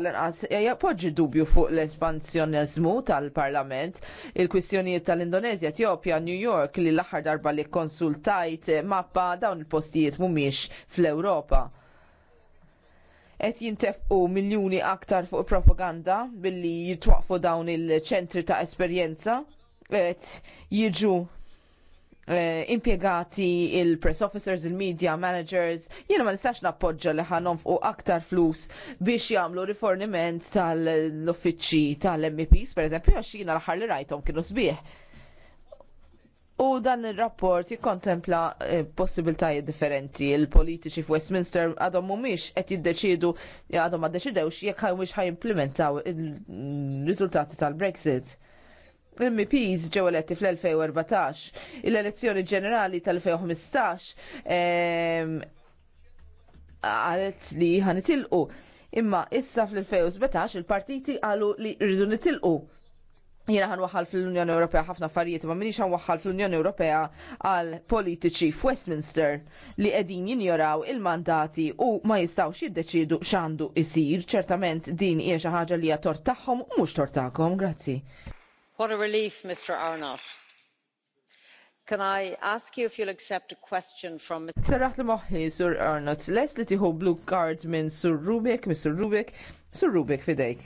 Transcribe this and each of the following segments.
L-inqas, jappoġġi dubju fuq l-espansjonizmu tal-parlament, il-kwistjonijiet tal-Indonezja, Etjopja, New York li l-aħħar darba li konsultajt mappa dawn il-postijiet mhumiex fl-Ewropa. Qed jintefqu miljuni aktar fuq propaganda billi jitwaqfu dawn il-ċentri ta' esperjenza, et jiġu Eh, impiegati, il-press officers, il-media managers, jiena ma nistax nappoġġa li ħanom fuq aktar flus biex jagħmlu riforniment tal-uffiċċji tal mps per eżempju, għax jiena l-ħar li rajtom kienu sbieħ. U dan il-rapport jikkontempla eh, possibiltajiet differenti. Il-politiċi f'Westminster għadhom mhumiex qed jiddeċidu għadhom ma ddeċidewx jekk ħajmux ħajimplementaw il-riżultati tal-Brexit MPs ġew eletti fl-2014, il-elezzjoni ġenerali tal-2015 ehm, għalet li ħanitilqu. Imma issa fl-2017 il-partiti għalu li rridu nitilqu. Jena ħan waħal fl-Unjoni Ewropea ħafna affarijiet, ma minix ħan waħal fl-Unjoni Ewropea għal politiċi f'Westminster li qegħdin jinjoraw il-mandati u ma jistawx jiddeċidu x'għandu isir. Ċertament din hija xi ħaġa li hija tort tagħhom u mhux tort tagħkom. Grazzi what a relief mr arnott. can i ask you if you'll accept a question from. sarraħ li moħħi sur arnott les li tieħu blue card minn sur rubik Mr. rubik Sir rubik Fidek.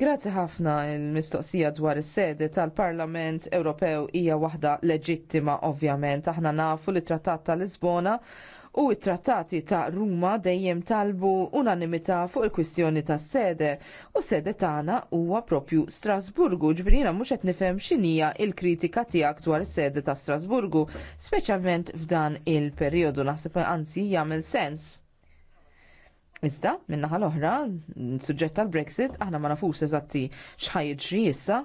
Grazie ħafna il-mistoqsija dwar is-sede tal-Parlament Ewropew hija waħda leġittima ovvjament. Aħna nafu li trattat tal-Lisbona u it-trattati ta' Ruma dejjem talbu unanimità fuq il-kwistjoni ta' sede u sede tagħna huwa propju Strasburgu ġverina mhux qed nifhem x'inhija l-kritika tiegħek dwar is-sede ta' Strasburgu, speċjalment f'dan il-perjodu naħseb anzi jagħmel sens Iżda, minna ħal oħra suġġett tal-Brexit, aħna ma nafux eżatti xħajġ jissa,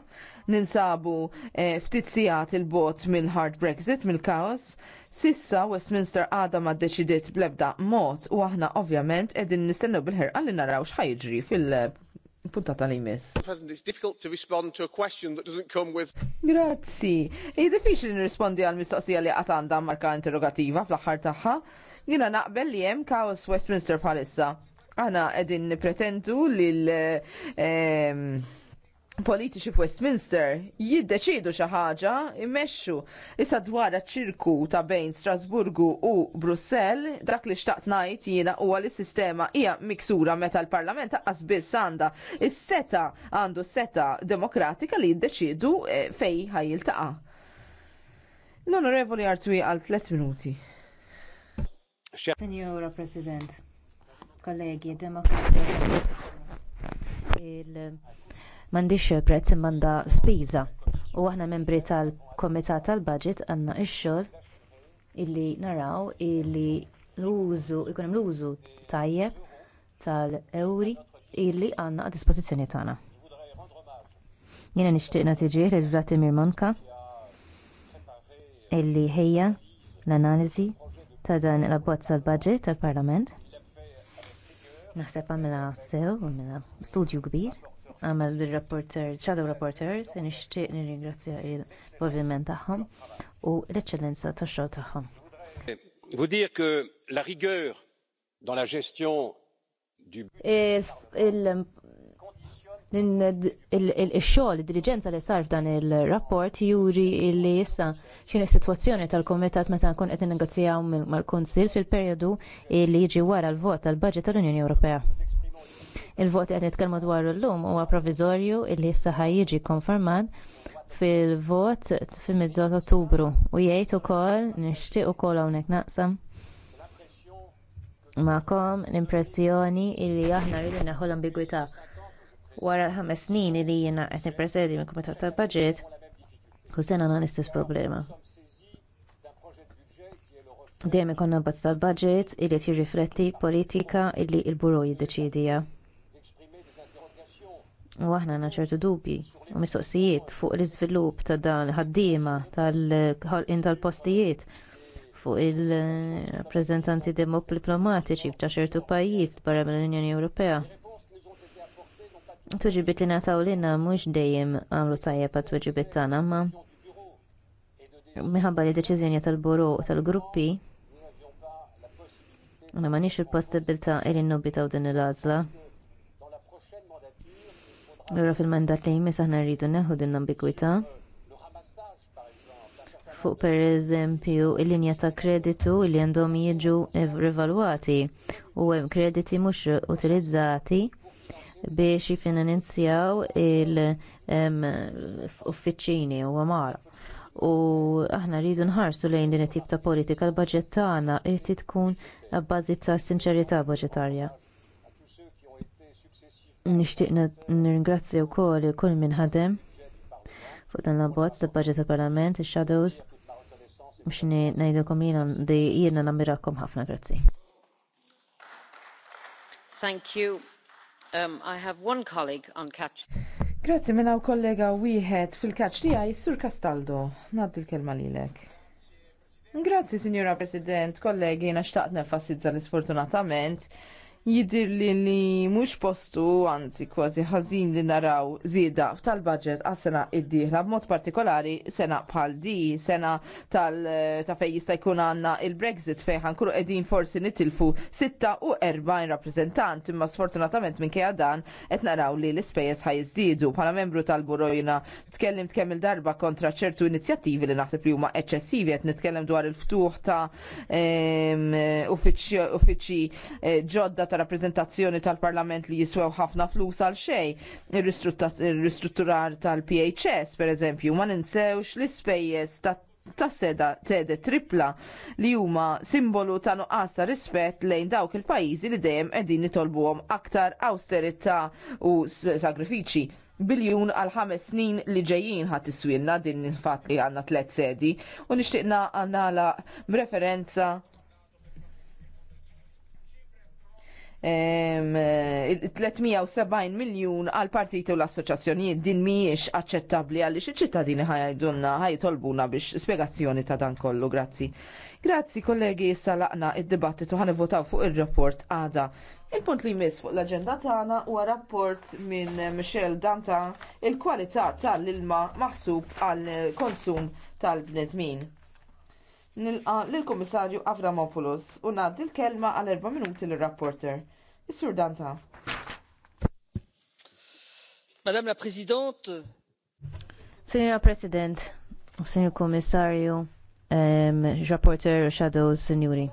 ninsabu e, eh, ftizzijat il-bot mill-hard Brexit, mill-kaos, sissa Westminster għada ma deċidiet blebda mot u aħna ovvjament edin nistennu bil-ħerqa li naraw xħajġ fil- puntata li tal President, It's difficult to respond to a question that doesn't come with... Grazzi. I diffiċli nirrispondi għal mistoqsija li għatanda marka interrogativa fl-axar taħħa. Jina naqbel li hemm kaos Westminster Għana Aħna qegħdin nipretendu lil ehm, politiċi f'Westminster jiddeċidu xi ħaġa immexxu issa dwar ċirku ta' bejn Strasburgu u Brussell dak li xtaqt ngħid jiena huwa li s-sistema hija miksura meta l-Parlament taqqas biss għandha is-seta għandu seta demokratika li jiddeċidu eh, fejn taqa'. L-Onorevoli Artwi għal 3 minuti. Signora President, kollegi, demokratija il-mandiċ prezz manda spiża u aħna membri tal-Komitat tal-Budget għanna ix-xogħol illi naraw illi l-użu, ikun l-użu tajjeb tal-ewri illi għandna għad dispożizzjoni tagħna. Jiena nixtieq natiġi lil Vladimir Monka illi ħejja l-analiżi ta' dan l-abbozz tal-budget tal-Parlament. Naħseb għamela sew, għamela studju kbir, għamel bil-rapporter, shadow rapporters, nixtieq nirringrazzja il-proviment tagħhom u l-eċċellenza tax-xogħol tagħhom. Vu dire que la rigueur dans la gestion du il-xogħol, id-diligenza li sar f'dan il-rapport juri li issa xin il sitwazzjoni tal-Komitat meta nkun qed negozijaw mal-Kunsill fil-perjodu li jiġi wara l-vot tal budget tal-Unjoni Ewropea. Il-vot qed nitkellmu dwar illum huwa proviżorju li issa ħajjiġi konfermat fil-vot fil-mizza ta' Ottubru u jgħid ukoll nixtieq ukoll hawnhekk naqsam ma'kom l-impressjoni li aħna rridu naħu ambigwità wara ħames snin li jiena qed nippresedi mill kumitat tal-Baġit, kull sena nagħmel l-istess problema. Dejjem ikonna bazz tal-budget li qed jirrifletti politika illi l buru jiddeċidija. U aħna għandna ċertu dubji u mistoqsijiet fuq l-iżvilupp ta' dan ħaddiema tal-ħolqien tal-postijiet fuq il-rappreżentanti diplomatiċi f'ta' ċertu pajjiż barra mill-Unjoni Ewropea Tuġibit li nataw li mhux dejjem għamlu tajjeb għat tuġibit tagħna ma minħabba li deċizjoni tal-buru tal-gruppi ma nix il-possibilità li nnobitaw din il-għażla. Allura fil-mandat li jmiss aħna rridu neħu din l-ambigwità fuq pereżempju il linja ta' kreditu li għandhom jiġu rivalwati u hemm krediti mhux utilizzati biex jifinanzjaw il-uffiċini u għamara. U aħna rridu nħarsu lejn din it-tip ta' politika l-budget tagħna irid tkun bbażi ta' sinċerità budġetarja. Nixtieq nirringrazzja wkoll kull min ħadem fuq dan l-abbozz ta' budget ta' parlament, ix-shadows, biex ngħidilkom jiena jiena nammirakom ħafna grazzi. Thank you. Um, I have one colleague on catch. Grazzi minna u kollega wieħed fil-kaċ li għaj, Sur Castaldo. Naddi l-kelma lilek. Grazzi, Signora President, kollegi, naċtaqt nefassizza l-sfortunatament jidir li li mux postu għanzi kważi ħazin li naraw zida tal-budget għas-sena id-dihla b'mod partikolari sena bħal di sena tal ta' fej jista' jkun għanna il-Brexit fej ħankunu qegħdin forsi nitilfu 46 rappreżentant imma sfortunatament kja dan qed naraw li l-ispejjeż ħajżdiedu. Bħala membru tal-Burojna tkellimt kemm il-darba kontra ċertu inizjattivi li naħseb li huma eċċessivi qed nitkellem dwar il-ftuħ ta' uffiċċji eh, ġodda ta' ta' rappreżentazzjoni tal-Parlament li jiswew ħafna flus għal xejn, ir-ristrutturar tal-PHS pereżempju, ma ninsewx l-ispejjeż ta' ta' seda tede tripla li huma simbolu ta' nuqqas ta' rispett lejn dawk il-pajjiżi li dejjem qegħdin nitolbuhom aktar austerità u sagrifiċi biljun għal ħames snin li ġejjin ħat iswilna din il-fatt li għandna tliet sedi u nixtieqna għandna referenza 370 eh, miljun għal partiti u l-assoċjazzjonijiet din mhijiex aċċettabbli għaliex iċ-ċittadini ħajdunna ħajtolbuna biex spjegazzjoni ta' dan kollu. Grazzi. Grazzi kollegi issa laqna id-dibattitu ħan votaw fuq ir-rapport għada. Il-punt li jmiss fuq l-aġenda tagħna huwa rapport minn Michel Dantan il-kwalità tal-ilma maħsub għal konsum tal-bnedmin nilqa lill-Kummissarju Avramopoulos u ngħaddi l-kelma għal erba' minuti lir-rapporter. Is-Sur Danta. Madame la Presidente. Signora President, Signor Kommissarju, ehm, Rapporter Shadows, Signori.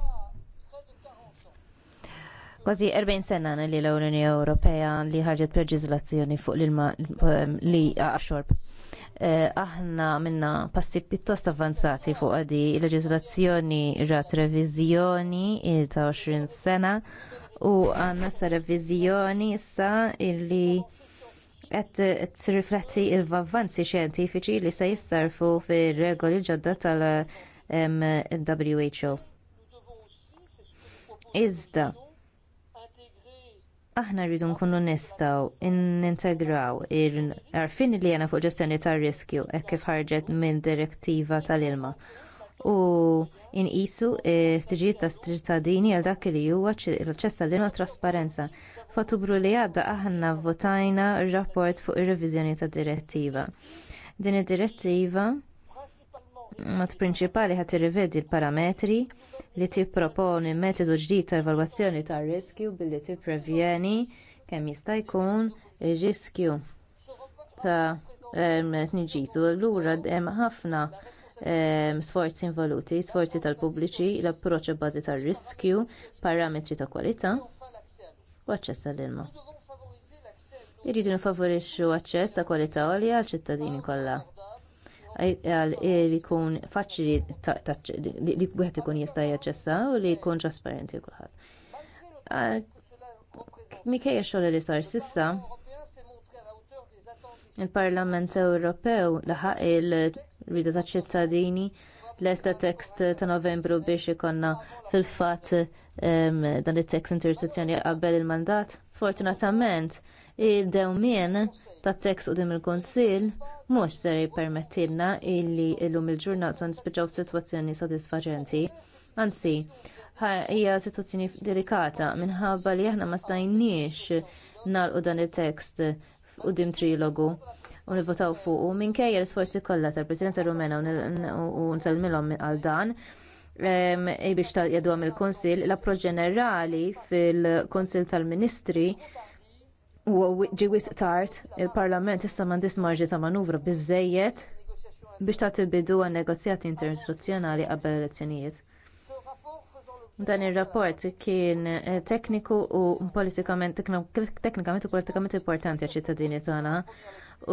Kważi 40 sena li l-Unjoni Ewropea li ħarġet preġizlazzjoni fuq l-ilma ehm, li għaxorb Eh, aħna minna passi pittost avanzati fuq għadi il-leġizlazzjoni rat revizjoni ta' 20 sena u għanna sa' revizjoni issa illi qed rifletti l vavvanzi xjentifiċi li se jissarfu fir-regoli ġodda tal-WHO. Iżda, aħna rridu nkunu nistgħu nintegraw il-arfin li jena fuq ġestjoni tar riskju hekk kif ħarġet minn direttiva tal-ilma u in-isu ftiġijiet ta' ċittadini għal dak li huwa l-aċċess għall-ilma trasparenza. Fatubru li għadda aħna votajna r-rapport fuq ir-reviżjoni tad direttiva. Din id-direttiva mat prinċipali ħat irrivedi l-parametri li tipproponi metodu ġdid ta' evalwazzjoni tar riskju billi tipprevjeni kemm jista' jkun ir-riskju ta' tniġis. U allura hemm ħafna sforzi involuti, sforzi tal-pubbliċi, l-approċċ bażi tar-riskju, parametri ta' kwalità u aċċess tal-ilma. Irridu nifavorixxu aċċess ta' kwalità għalija għall ċittadini kollha E li kun faċli li wieħed ikun jista' jaċċessa u li jkun trasparenti kulħadd. Mikejja xogħol li sar sissa, il-Parlament Ewropew laħaq il-rida taċ ċittadini l-esta tekst ta' novembru biex ikonna fil fatt dan it tekst intersezzjoni qabel il-mandat. Sfortunatament, il dewmien ta' tekst u dim il-konsil mux ser jippermettilna illi illum il-ġurnata nispiċaw situazzjoni satisfaċenti. Anzi, hija situazzjoni delikata minħabba li aħna ma stajniex nalqu dan il-tekst u dim trilogu u nivvotaw fuq u minkejja l-isforzi kollha tal-Presidenza Rumena u nsellmilhom għal dan biex jadwam il-Konsil, l-approċ ġenerali fil-Konsil tal-Ministri U ġiwis tard il-Parlament issa m'għandix marġi ta' manuvra biżżejjed biex tagħti bidu għan negozjati interistituzzjonali qabel elezzjonijiet. Dan ir-rapport kien eh, tekniku u politikament teknikament u politikament importanti għal ċittadini tagħna.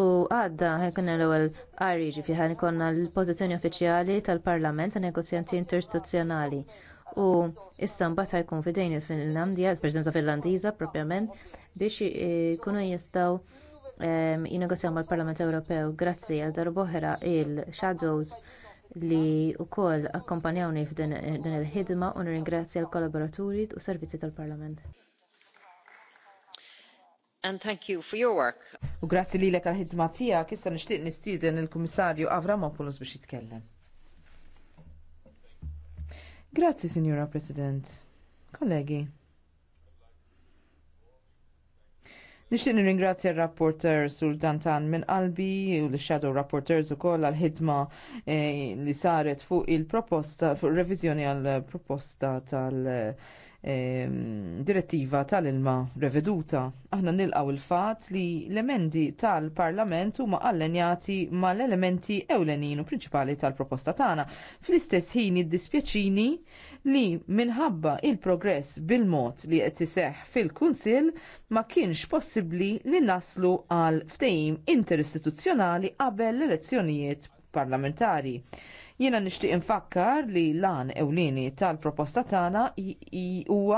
U għadda ħekun l-ewwel għarriġi fiħan ikonna l-pożizzjoni uffiċjali tal-Parlament ta' negozjati interistituzzjonali u issa mbagħad jkun fidejn il-Finlandja, il preżidenza Finlandiża propjament biex ikunu eh, jistgħu ehm, jinnegozjaw mal-Parlament Ewropew grazzi għal darboħra il-Shadows li wkoll akkompanjawni f'din il-ħidma u nirringrazzja l-kollaboraturi u servizzi tal-Parlament. And thank you for your work. U grazzi lilek għall ħidma tiegħek issa nixtieq nistieden il-Kummissarju Avramopoulos biex jitkellem. Grazzi, Signora President. Kollegi. Nixtieq nirringrazzja r-rapporter Sultan Tan minn qalbi u l-shadow rapporters ukoll għall ħidma eh, li saret fuq il-proposta, fuq revizjoni għall proposta tal- Ehm, direttiva tal-ilma reveduta. Aħna nilqaw il-fat li l-emendi tal-Parlament huma allenjati mal-elementi ewlenin u prinċipali tal-proposta tagħna. Fl-istess ħin iddispjaċini li minħabba il-progress bil-mod li qed iseħħ fil-Kunsill ma kienx possibbli li naslu għal ftehim interistituzzjonali qabel l-elezzjonijiet parlamentari. Jiena nixtieq infakkar li lan ewlieni tal-proposta tagħna huwa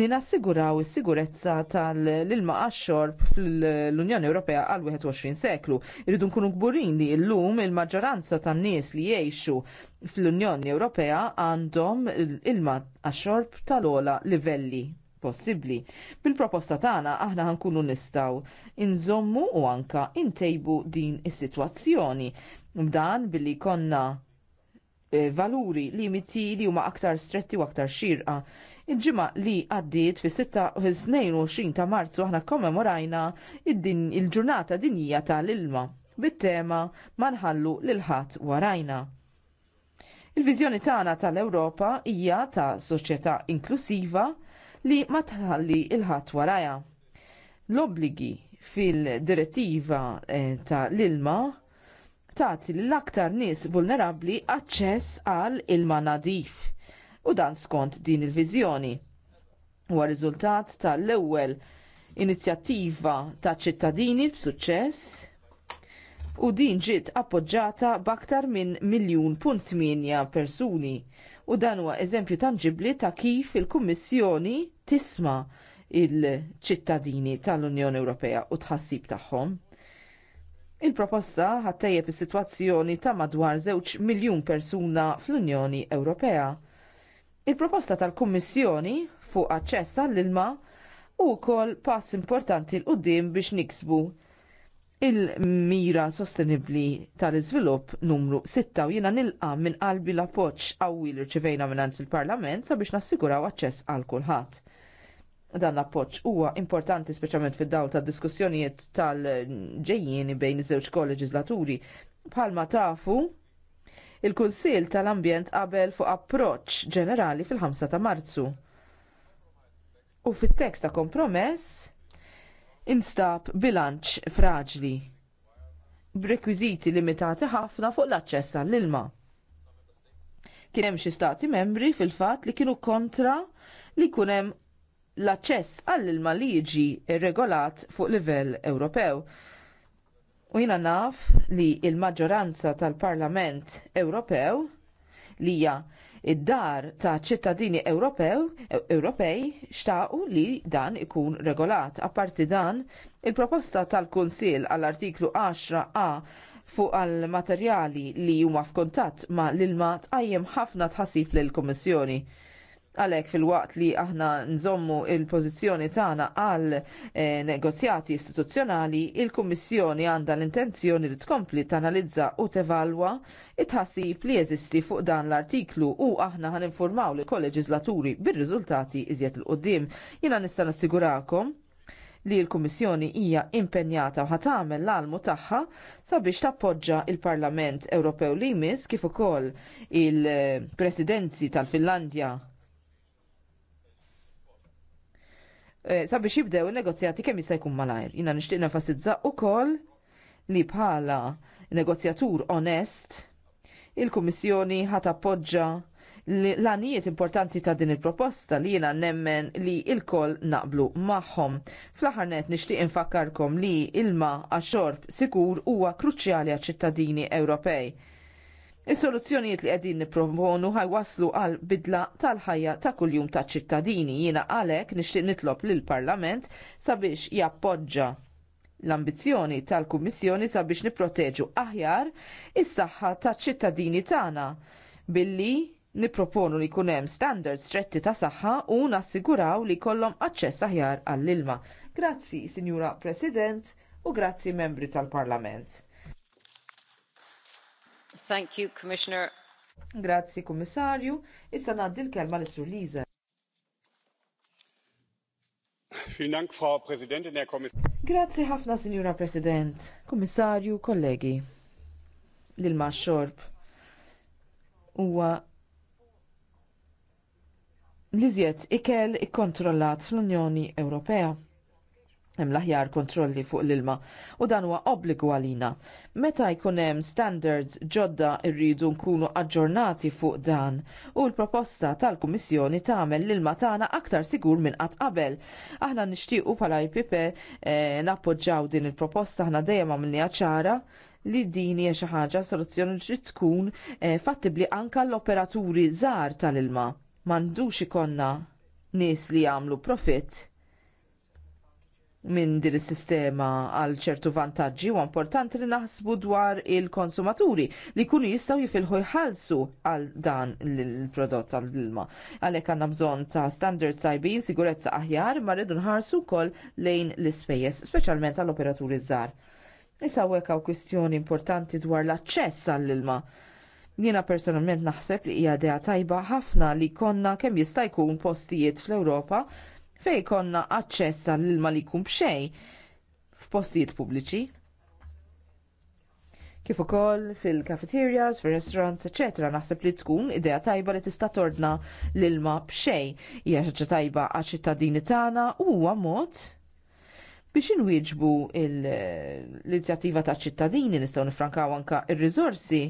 li nassiguraw is-sigurezza tal-ilma għax-xorb fl-Unjoni Ewropea għal 21 seklu. Irridu nkunu kburin li llum il-maġġoranza tan-nies li jgħixu fl-Unjoni Ewropea għandhom ilma għax-xorb tal-ola livelli possibbli. Bil-proposta tagħna aħna ħankunu nistgħu inżommu u anka intejbu din is-sitwazzjoni. B'dan billi konna Eh, valuri li Miti li huma aktar stretti u aktar xirqa. Il-ġimgħa li għaddiet fis 26 ta' Marzu aħna kommemorajna il-ġurnata dinjija tal-ilma bit-tema ma nħallu lil ħadd warajna. Il-viżjoni tagħna tal-Ewropa hija ta' soċjetà inklusiva li ma tħalli l ħadd warajha. L-obbligi fil-direttiva eh, ta' l-ilma tagħti l-aktar nies vulnerabbli aċċess għal ilma nadif. U dan skont din il-viżjoni. Huwa riżultat tal-ewwel inizjattiva ta' ċittadini b'suċċess u din ġiet appoġġata b'aktar minn miljun punt minja persuni u dan huwa eżempju tangibli ta' kif il-Kummissjoni tisma' il-ċittadini tal-Unjoni Ewropea u tħassib tagħhom. Il-proposta ħattejjeb is-sitwazzjoni ta' madwar żewġ miljun persuna fl-Unjoni Ewropea. Il-proposta tal-Kummissjoni fuq aċċess għall-ilma u kol pass importanti l-qoddim biex niksbu il-mira sostenibli tal-izvilupp numru 6 u jina nilqa minn qalbi l-appoċ għawi l rċivejna minnant il-Parlament sabiex nassiguraw aċċess għal kulħadd dan appoġġ huwa importanti speċjalment fid daw tad diskussjonijiet tal-ġejjieni bejn iż-żewġ kolleġislaturi. Bħalma tafu, il-Kunsil tal-Ambjent qabel fuq approċċ ġenerali fil-5 ta' Marzu. U fit-tekst ta' kompromess instab bilanċ fraġli b'rekwiżiti limitati ħafna fuq l-aċċess għall-ilma. Kien hemm xi stati membri fil-fatt li kienu kontra li jkun hemm l-aċċess għall-ilma li jiġi regolat fuq livell Ewropew. U jina naf li l maġġoranza tal-Parlament Ewropew li hija id-dar ta' ċittadini Ewropew, Ewropej xtaqu li dan ikun regolat. Apparti dan, il-proposta tal-Kunsil għall-artiklu 10a fuq għal materjali li huma f'kuntatt ma' l-ilma tqajjem ħafna tħassib lill kummissjoni Għalhekk fil-waqt li aħna nżommu il-pożizzjoni tagħna għal eh, negozjati istituzzjonali, il-Kummissjoni għandha l-intenzjoni li tkompli tanalizza u tevalwa it-ħassib li jeżisti fuq dan l-artiklu u aħna ħan informaw li kolleġislaturi bir-riżultati iżjed il-qoddim. Jina nista' nassigurakom li l-Kummissjoni hija impenjata u ħatamel l-almu tagħha sabiex tappoġġa l parlament Ewropew li jmiss kif ukoll il-Presidenzi tal-Finlandja Eh, sabiex jibdew il-negozjati kemm jista' jkun malajr. Jina nixtieq nefasizza ukoll li bħala negozjatur onest il-Kummissjoni ħat appoġġa l-għanijiet importanti ta' din il-proposta li jina nemmen li il-koll naqblu maħħom. Fl-ħarnet nishtiq infakkarkom li ilma għaxorb sikur huwa kruċjali għal ċittadini Ewropej. Is-soluzzjonijiet li qegħdin nipproponu ħajwaslu għal bidla tal-ħajja ta' kuljum taċ ċittadini jiena għalhekk nixtieq nitlob lill parlament sabiex jappoġġa l-ambizzjoni tal-Kummissjoni sabiex nipproteġu aħjar is-saħħa taċ ċittadini tagħna billi Nipproponu li jkun hemm standards stretti ta' saħħa u nassiguraw li jkollhom aċċess aħjar għall-ilma. Grazzi, Sinjura President, u grazzi membri tal-Parlament. Thank you, Commissioner. Grazzi, Commissario. Issa ngħaddi l-kelma l Liza. Vielen Dank, Frau Präsidentin, Herr Kommissar. Grazzi ħafna, Signora President, Kommissarju, kollegi. L-ilma xorb huwa l ikel ikkontrollat fl-Unjoni Ewropea hemm l-aħjar kontrolli fuq l-ilma u dan huwa obbligu għalina. Meta jkun hemm standards ġodda rridu nkunu aġġornati fuq dan u l-proposta tal-Kummissjoni tagħmel l-ilma tagħna aktar sigur minn qatt qabel. Aħna nixtiequ bħala IPP eh, nappoġġaw din il-proposta aħna dejjem għamilniha ċara li din hija xi ħaġa soluzzjoni li tkun eh, fattibli anke l-operaturi żgħar tal-ilma. M'għandux ikonna nies li jagħmlu profitt minn din is-sistema għal ċertu vantaġġi u importanti li naħsbu dwar il-konsumaturi li jkunu jistgħu jifilħu jħallsu għal dan il-prodott għal ilma Għalhekk għandna bżonn ta' standards tajbin, sigurezza aħjar, ma rridu nħarsu wkoll lejn l-ispejjeż, speċjalment għall operaturi żgħar. Issa hawnhekk hawn kwistjoni importanti dwar l-aċċess għall-ilma. Jiena personalment naħseb li hija idea tajba ħafna li konna kemm jista' jkun postijiet fl-Ewropa fej konna aċċess għall-ilma li jkun bxej f'postijiet pubbliċi. Kif ukoll fil-cafeterias, fil-restaurants, etc. Naħseb li tkun idea tajba li tista' tordna l-ilma bxej. Hija xi tajba għaċ-ċittadini tagħna huwa mod biex inwieġbu l-inizjattiva ta' ċittadini nistgħu nifrankaw anka ir-riżorsi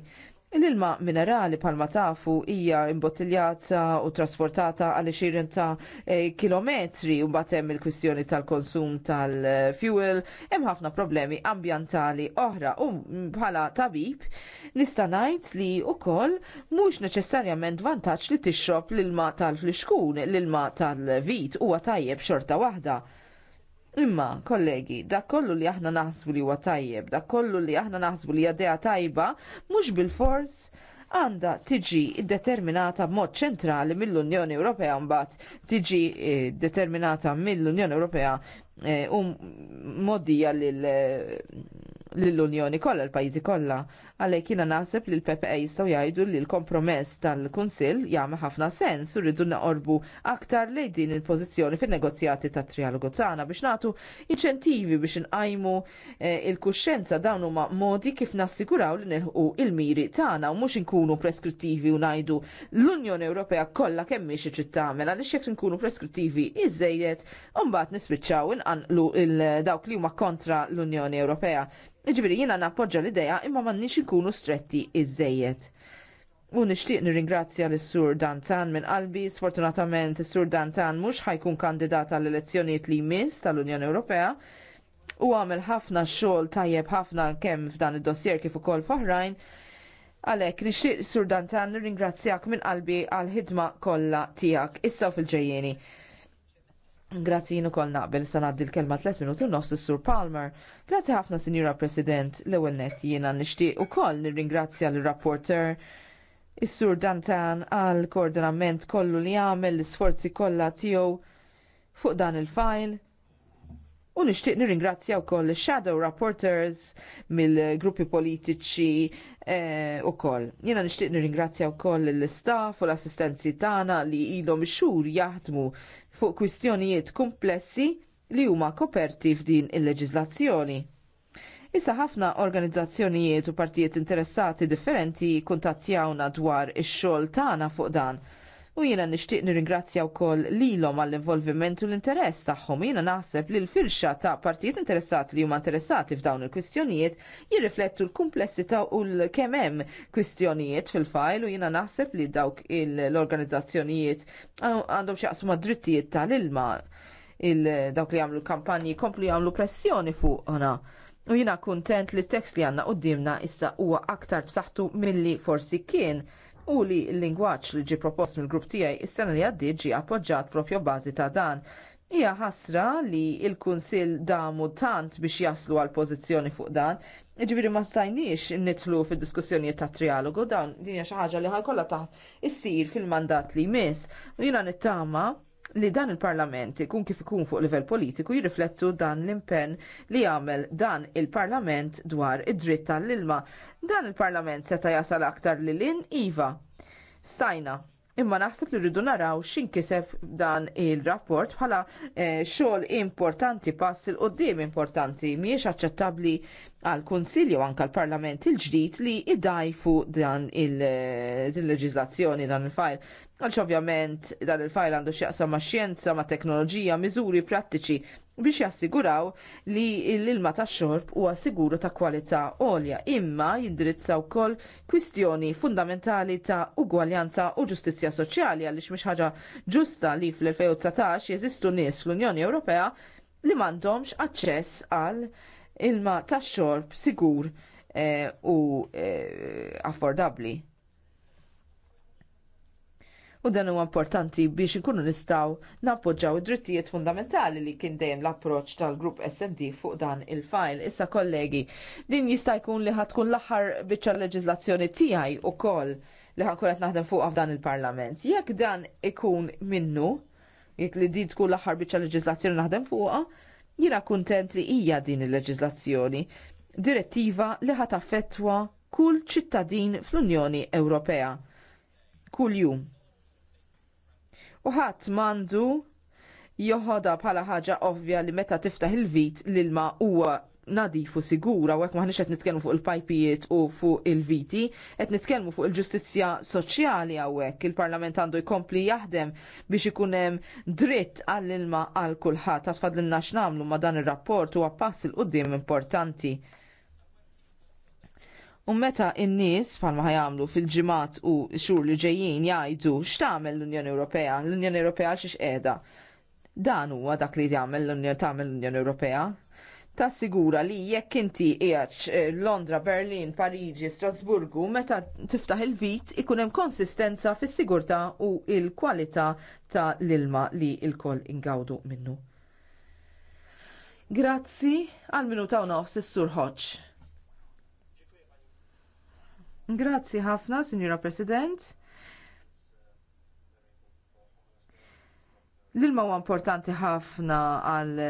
Il-ilma minerali palma tafu hija imbottiljata u trasportata għal xirin ta' e, kilometri u batem il-kwistjoni tal-konsum tal-fuel, hemm ħafna problemi ambientali oħra u bħala tabib nista' ngħid li wkoll mhux neċessarjament vantaġġ li tixrob l-ilma tal-fliskun, l-ilma tal-vit huwa tajjeb xorta waħda Imma, kollegi, dak kollu li aħna naħsbu li huwa tajjeb, dak kollu li aħna naħsbu li għadea tajba, mhux bil-fors għanda tiġi determinata mod ċentrali mill-Unjoni Ewropea mbagħad tiġi eh, determinata mill-Unjoni Ewropea eh, u um, moddija lil eh, l-Unjoni kollha l-pajjiżi kollha. Għalhekk jiena naħseb li l-PPA jistgħu jgħidu li l-kompromess tal-Kunsill jagħmel ħafna sens u rridu naqorbu aktar lejn din il-pożizzjoni fin-negozjati tat-trialogu tagħna biex nagħtu inċentivi biex inqajmu eh, il-kuxxenza dawn huma modi kif nassiguraw li nilħu il-miri tagħna u mhux inkunu preskrittivi u ngħidu l-Unjoni Ewropea kollha kemm mhix trid tagħmel għaliex jekk inkunu preskrittivi iżejjed u mbagħad nispiċċaw inqanqlu il dawk li huma kontra l-Unjoni Ewropea. Iġbiri jina nappoġġa l-ideja imma nix ikunu stretti iż U nixtieq nirringrazzja lis sur Dantan minn qalbi, sfortunatament is sur Dantan mhux ħajkun kandidat għall elezzjonijiet li jmiss tal-Unjoni Ewropea u għamel ħafna xogħol tajjeb ħafna kemm f'dan id-dossier kif ukoll f'oħrajn. Għalhekk nixtieq sur Dantan nirringrazzjak minn qalbi għall ħidma kollha tiegħek issa fil-ġejjeni. Grazzi jinu kol naqbel sanaddi l-kelma 3 minuti l-nofs sur Palmer. Grazzi ħafna, Sinjura President, l ewwel net jiena nishtiq u kol nirringrazzja l-rapporter Is-sur Dantan għal koordinament kollu li għamel l-sforzi kollha tiegħu fuq dan il-fajl. U nixtieq nirringrazzja wkoll shadow rapporters mill-gruppi politiċi eh, u koll. Jena nishtiq nirringrazzja u koll l-staff u l-assistenzi tana li ilhom xur jaħdmu fuq kwistjonijiet komplessi li huma koperti f'din il-leġiżlazzjoni. Issa ħafna organizzazzjonijiet u partijiet interessati differenti kuntattjawna dwar ix-xogħol tagħna fuq dan u jiena nixtieq nirringrazzja wkoll lilhom għall-involviment u l-interess tagħhom. Jiena naħseb li l-firxa ta' partijiet interessati li huma interessati f'dawn il-kwistjonijiet jirriflettu l-kumplessità u l-kemm hemm kwistjonijiet fil-fajl u jiena naħseb li dawk l-organizzazzjonijiet għandhom x'jaqsma drittijiet tal-ilma dawk li għamlu kampanji komplu jagħmlu pressjoni fuq fuqna. U jina kontent li t-tekst li għanna qoddimna issa huwa aktar b'saħħtu milli forsi kien u li l-lingwaġġ li ġie propost mill-grupp tiegħi is-sena li għaddiet ġie appoġġjat propju bażi ta' dan. Hija ħasra li l-Kunsill damu tant biex jaslu għal pożizzjoni fuq dan, Ġviri jiġifieri ma stajniex nitlu fid diskussjonijiet ta' trialogu, dan dinja xi ħaġa li ħajkolla ta' issir fil-mandat li jmiss. U jiena nittama li dan il-Parlament ikun kif ikun fuq livell politiku jirriflettu dan l-impenn li jagħmel dan il-Parlament dwar id-dritt tal-ilma. Dan il-Parlament seta' jasal aktar li lin iva. Stajna, imma naħseb li rridu naraw x'inkiseb dan il-rapport bħala eh, xogħol importanti pass il qoddim importanti mhijiex aċċettabbli għal konsilju anke l parlament il-ġdid li idajfu dan il-leġizlazzjoni eh, dan il-fajl. Għalx ovvjament dan il-fajl għandu x'jaqsam ma' xjenza, ma' teknoloġija, miżuri prattiċi biex jassiguraw li l-ilma ta' xorb huwa siguru ta' kwalità għolja imma jindirizza wkoll kwistjoni fundamentali ta' ugwaljanza u ġustizzja soċjali għaliex mish ħaġa ġusta li fl-2019 jeżistu nies l unjoni Ewropea li m'għandhomx aċċess għal ilma ta' xorb sigur eh, u affordabli. Eh, affordabbli u dan huwa importanti biex inkunu nistgħu nappoġġaw id-drittijiet fundamentali li kien dejjem l-approċċ tal-grupp SD fuq dan il file Issa kollegi, din jista' jkun li ħatkun l-aħħar biċċa leġiżlazzjoni tiegħi ukoll li ħankun qed naħdem fuq f'dan il-Parlament. Jekk dan ikun minnu, jekk li din tkun l-aħħar biċċa leġiżlazzjoni naħdem fuqha, jiena kuntent li hija din il-leġiżlazzjoni. Direttiva li ħat affettwa kull ċittadin fl-Unjoni Ewropea. Kull jum u ħadd m'għandu joħodha bħala ħaġa ovvja li meta tiftaħ il-vit l-ilma huwa nadifu sigura u hekk maħniex qed nitkellmu fuq il-pajpijiet u fuq il-viti, qed nitkellmu fuq il-ġustizzja soċjali hawnhekk il-Parlament għandu jkompli jaħdem biex ikun hemm dritt għall-ilma għal kulħadd l-naċnamlu ma' dan ir-rapport huwa pass il qudiem importanti. U meta in-nies bħalma ħajamlu fil-ġimgħat u xhur li ġejjin jgħidu x'tagħmel l-Unjoni Ewropea, l-Unjoni Ewropea xiex qiegħda. Dan huwa dak li jagħmel l-Unjoni tagħmel l-Unjoni Ewropea. Ta' sigura li jekk inti qiegħed eh, Londra, Berlin, Pariġi, Strasburgu, meta tiftaħ il-vit ikun hemm konsistenza fis-sigurtà u l-kwalità ta' l-ilma li l-koll ingawdu minnu. Grazzi għal minuta u nofs is-Sur Hodge. Grazzi ħafna, Sinjura President. L-ilma huwa importanti ħafna għal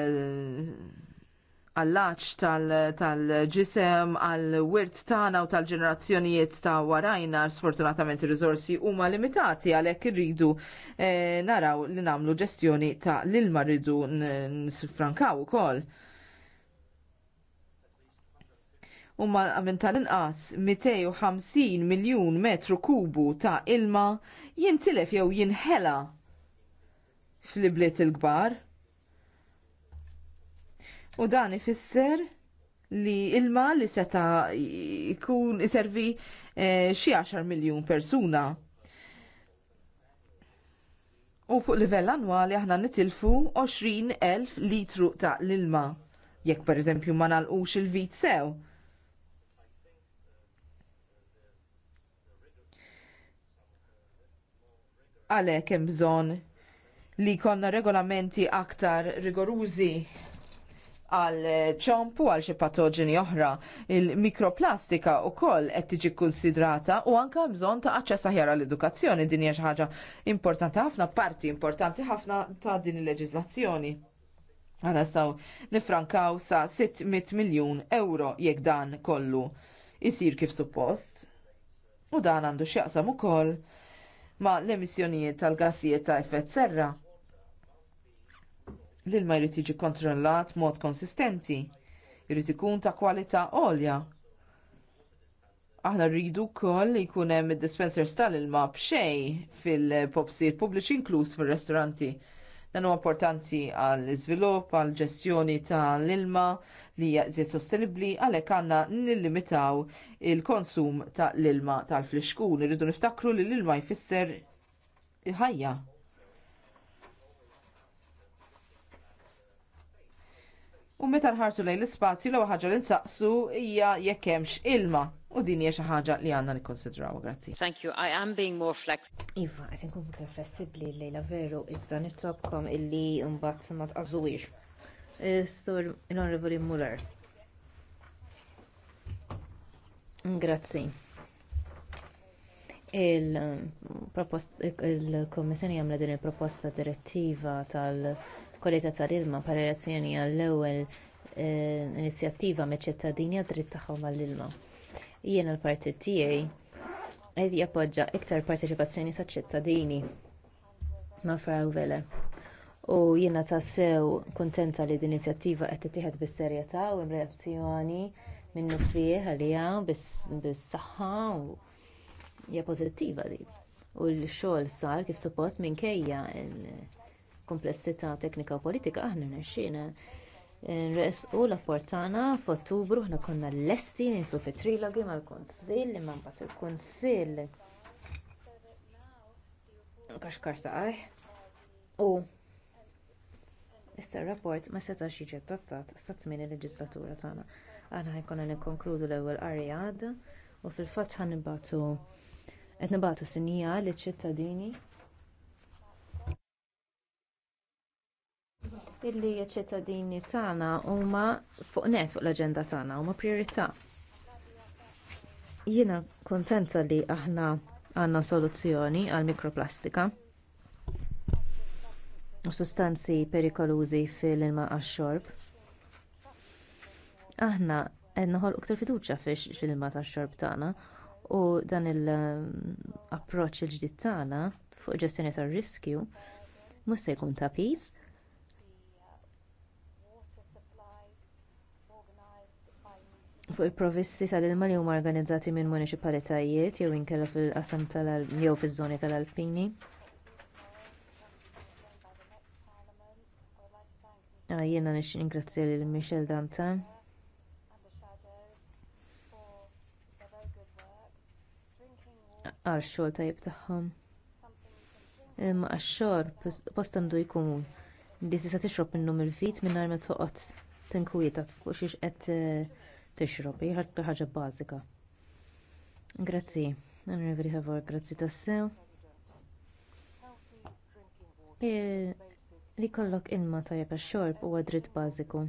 tal-ġisem, tal-ġisem, għall-wirt tagħna u tal-ġenerazzjonijiet ta' warajna, sfortunatament ir-riżorsi huma limitati għalhekk irridu eh, naraw li nagħmlu ġestjoni ta' l-ilma rridu u ukoll. huma minn tal-inqas 250 miljun metru kubu ta' ilma jintilef jew jinħela fl-ibliet il-kbar. U dan ifisser li ilma li seta jkun iservi eh, xi 10 miljun persuna. U fuq livell annwali aħna nitilfu 20 elf litru ta' l-ilma. Jekk pereżempju ma nalqux il-vit sew. għalhekk hemm bżonn li jkollna regolamenti aktar rigorużi għal ċompu għal xi patoġeni oħra. Il-mikroplastika wkoll qed tiġi kkunsidrata u anke bżonn ta' aċċess aħjar għall edukazzjoni din hija xi ħaġa importanti ħafna, parti importanti ħafna ta' din il-leġiżlazzjoni. Għana staw nifrankaw sa' 600 miljun euro jekk dan kollu jisir kif suppost. U dan għandu x'jaqsam ukoll ma' l-emissjonijiet tal-gassijiet ta' effett serra. L-ilma jrid jiġi kontrollat mod konsistenti, jrid ikun ta' kwalità għolja. Aħna rridu wkoll li jkun hemm id-dispensers tal-ilma b'xejn fil-popsir pubbliċi inkluż fir-restoranti. Dan huwa importanti għall iżvilupp għall ġestjoni ta' l ilma li hija sostenibli sostenibbli għalhekk għandna nillimitaw il-konsum ta' l ilma tal flixkun Irridu niftakru li l-ilma jfisser ħajja U meta nħarsu lejn l-ispazju l ħaġa li nsaqsu hija jekk hemmx ilma. U din hija xi ħaġa li għandna nikkonsidraw, grazzi. Thank you, I am being more flexible. Iva, qed inkun aktar flessibbli lejla veru iżda nittobkom illi mbagħad ma tqażuwix. Eh, Sur l-Onorevoli Muller. Grazzi. Il-Kommissjoni il għamla din il-proposta direttiva tal- kwalità tal-ilma bħala relazzjoni għall-ewwel eh, inizjattiva miċ-ċittadini għad-dritt tagħhom għall-ilma. Jiena l-partit tiegħi qed jappoġġja iktar parteċipazzjoni taċ-ċittadini ma' vele. U jiena tassew kuntenta li din inizjattiva qed tittieħed bis-serjetà u reazzjoni minnu fih għalija bis-saħħa u hija pożittiva din. U l-xogħol sar kif suppost minkejja komplessità teknika u politika aħna nirxina. Eh, nresqu l-apport tagħna f'Ottubru aħna konna lesti nitlu fit trilogi mal-Kunsill imma mbagħad il-Kunsill kaxkar saqaj. U issa r-rapport ma setax jiġi tattat sa tmien leġislatura tagħna. Aħna ħajkonna nikkonkludu l-ewwel qari għadda u fil-fatt ħan nibatu qed nibatu sinjal liċ-ċittadini illi ċittadini tagħna huma fuq net fuq l-aġenda tagħna huma prijorità. Jiena kuntenta li aħna għandna soluzzjoni għall mikroplastika u sustanzi perikolużi fil-ilma għax-xorb. Aħna qed noħol iktar fiduċja fil-ilma tax-xorb tagħna u dan il approċċ il-ġdid tagħna fuq ġestjoni tar-riskju mhux se jkun ta' peace fuq il-provisti tal-ilma li huma organizzati minn municipalitajiet jew inkella fil-qasam tal jew fiż-żoni tal-alpini. Ah, jiena nix ingrazzja lil Michel Dantan. għal xogħol tajjeb tagħhom. Imma għax-xogħol post għandu jkun li tista' tixrob minnhom il-vit mingħajr ma toqgħod tinkwieta fuq xiex qed eh, tixrobi, ħaġa bażika. Grazzi, Onorevoli Havor, grazzi tassew. E, li kollok ilma tajjeb għax-xorb huwa dritt bażiku.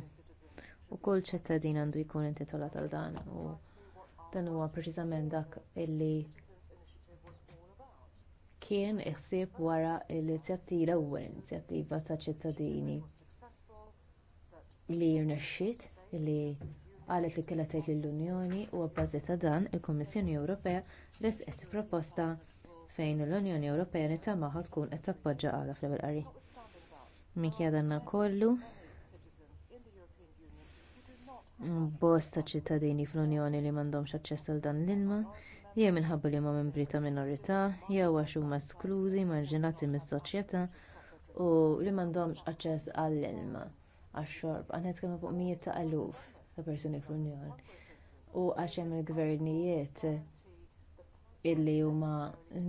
U kull ċittadin għandu jkun intitolat għal dan u dan huwa preċiżament dak illi kien iħsieb wara l-inizjattiva l-ewwel inizjattiva ta' ċittadini li jirnexxit li qalet li kellha tgħid lill-Unjoni u bbażi ta' dan il-Kummissjoni Ewropea resqet proposta fejn l-Unjoni Ewropea nittamaħa tkun qed tappoġġja għadha fl-ewwel qari. Minkejja kollu bosta ċittadini fl-Unjoni li m'għandhomx aċċess għal dan l-ilma jew minħabba li huma membri ta' minorità jew għax huma esklużi marġinati mis-soċjetà u li m'għandhomx aċċess għall-ilma għax-xorb. Għan fuq mijiet ta' eluf ta' persuni fl-Unjoni. U għax hemm il-gvernijiet illi huma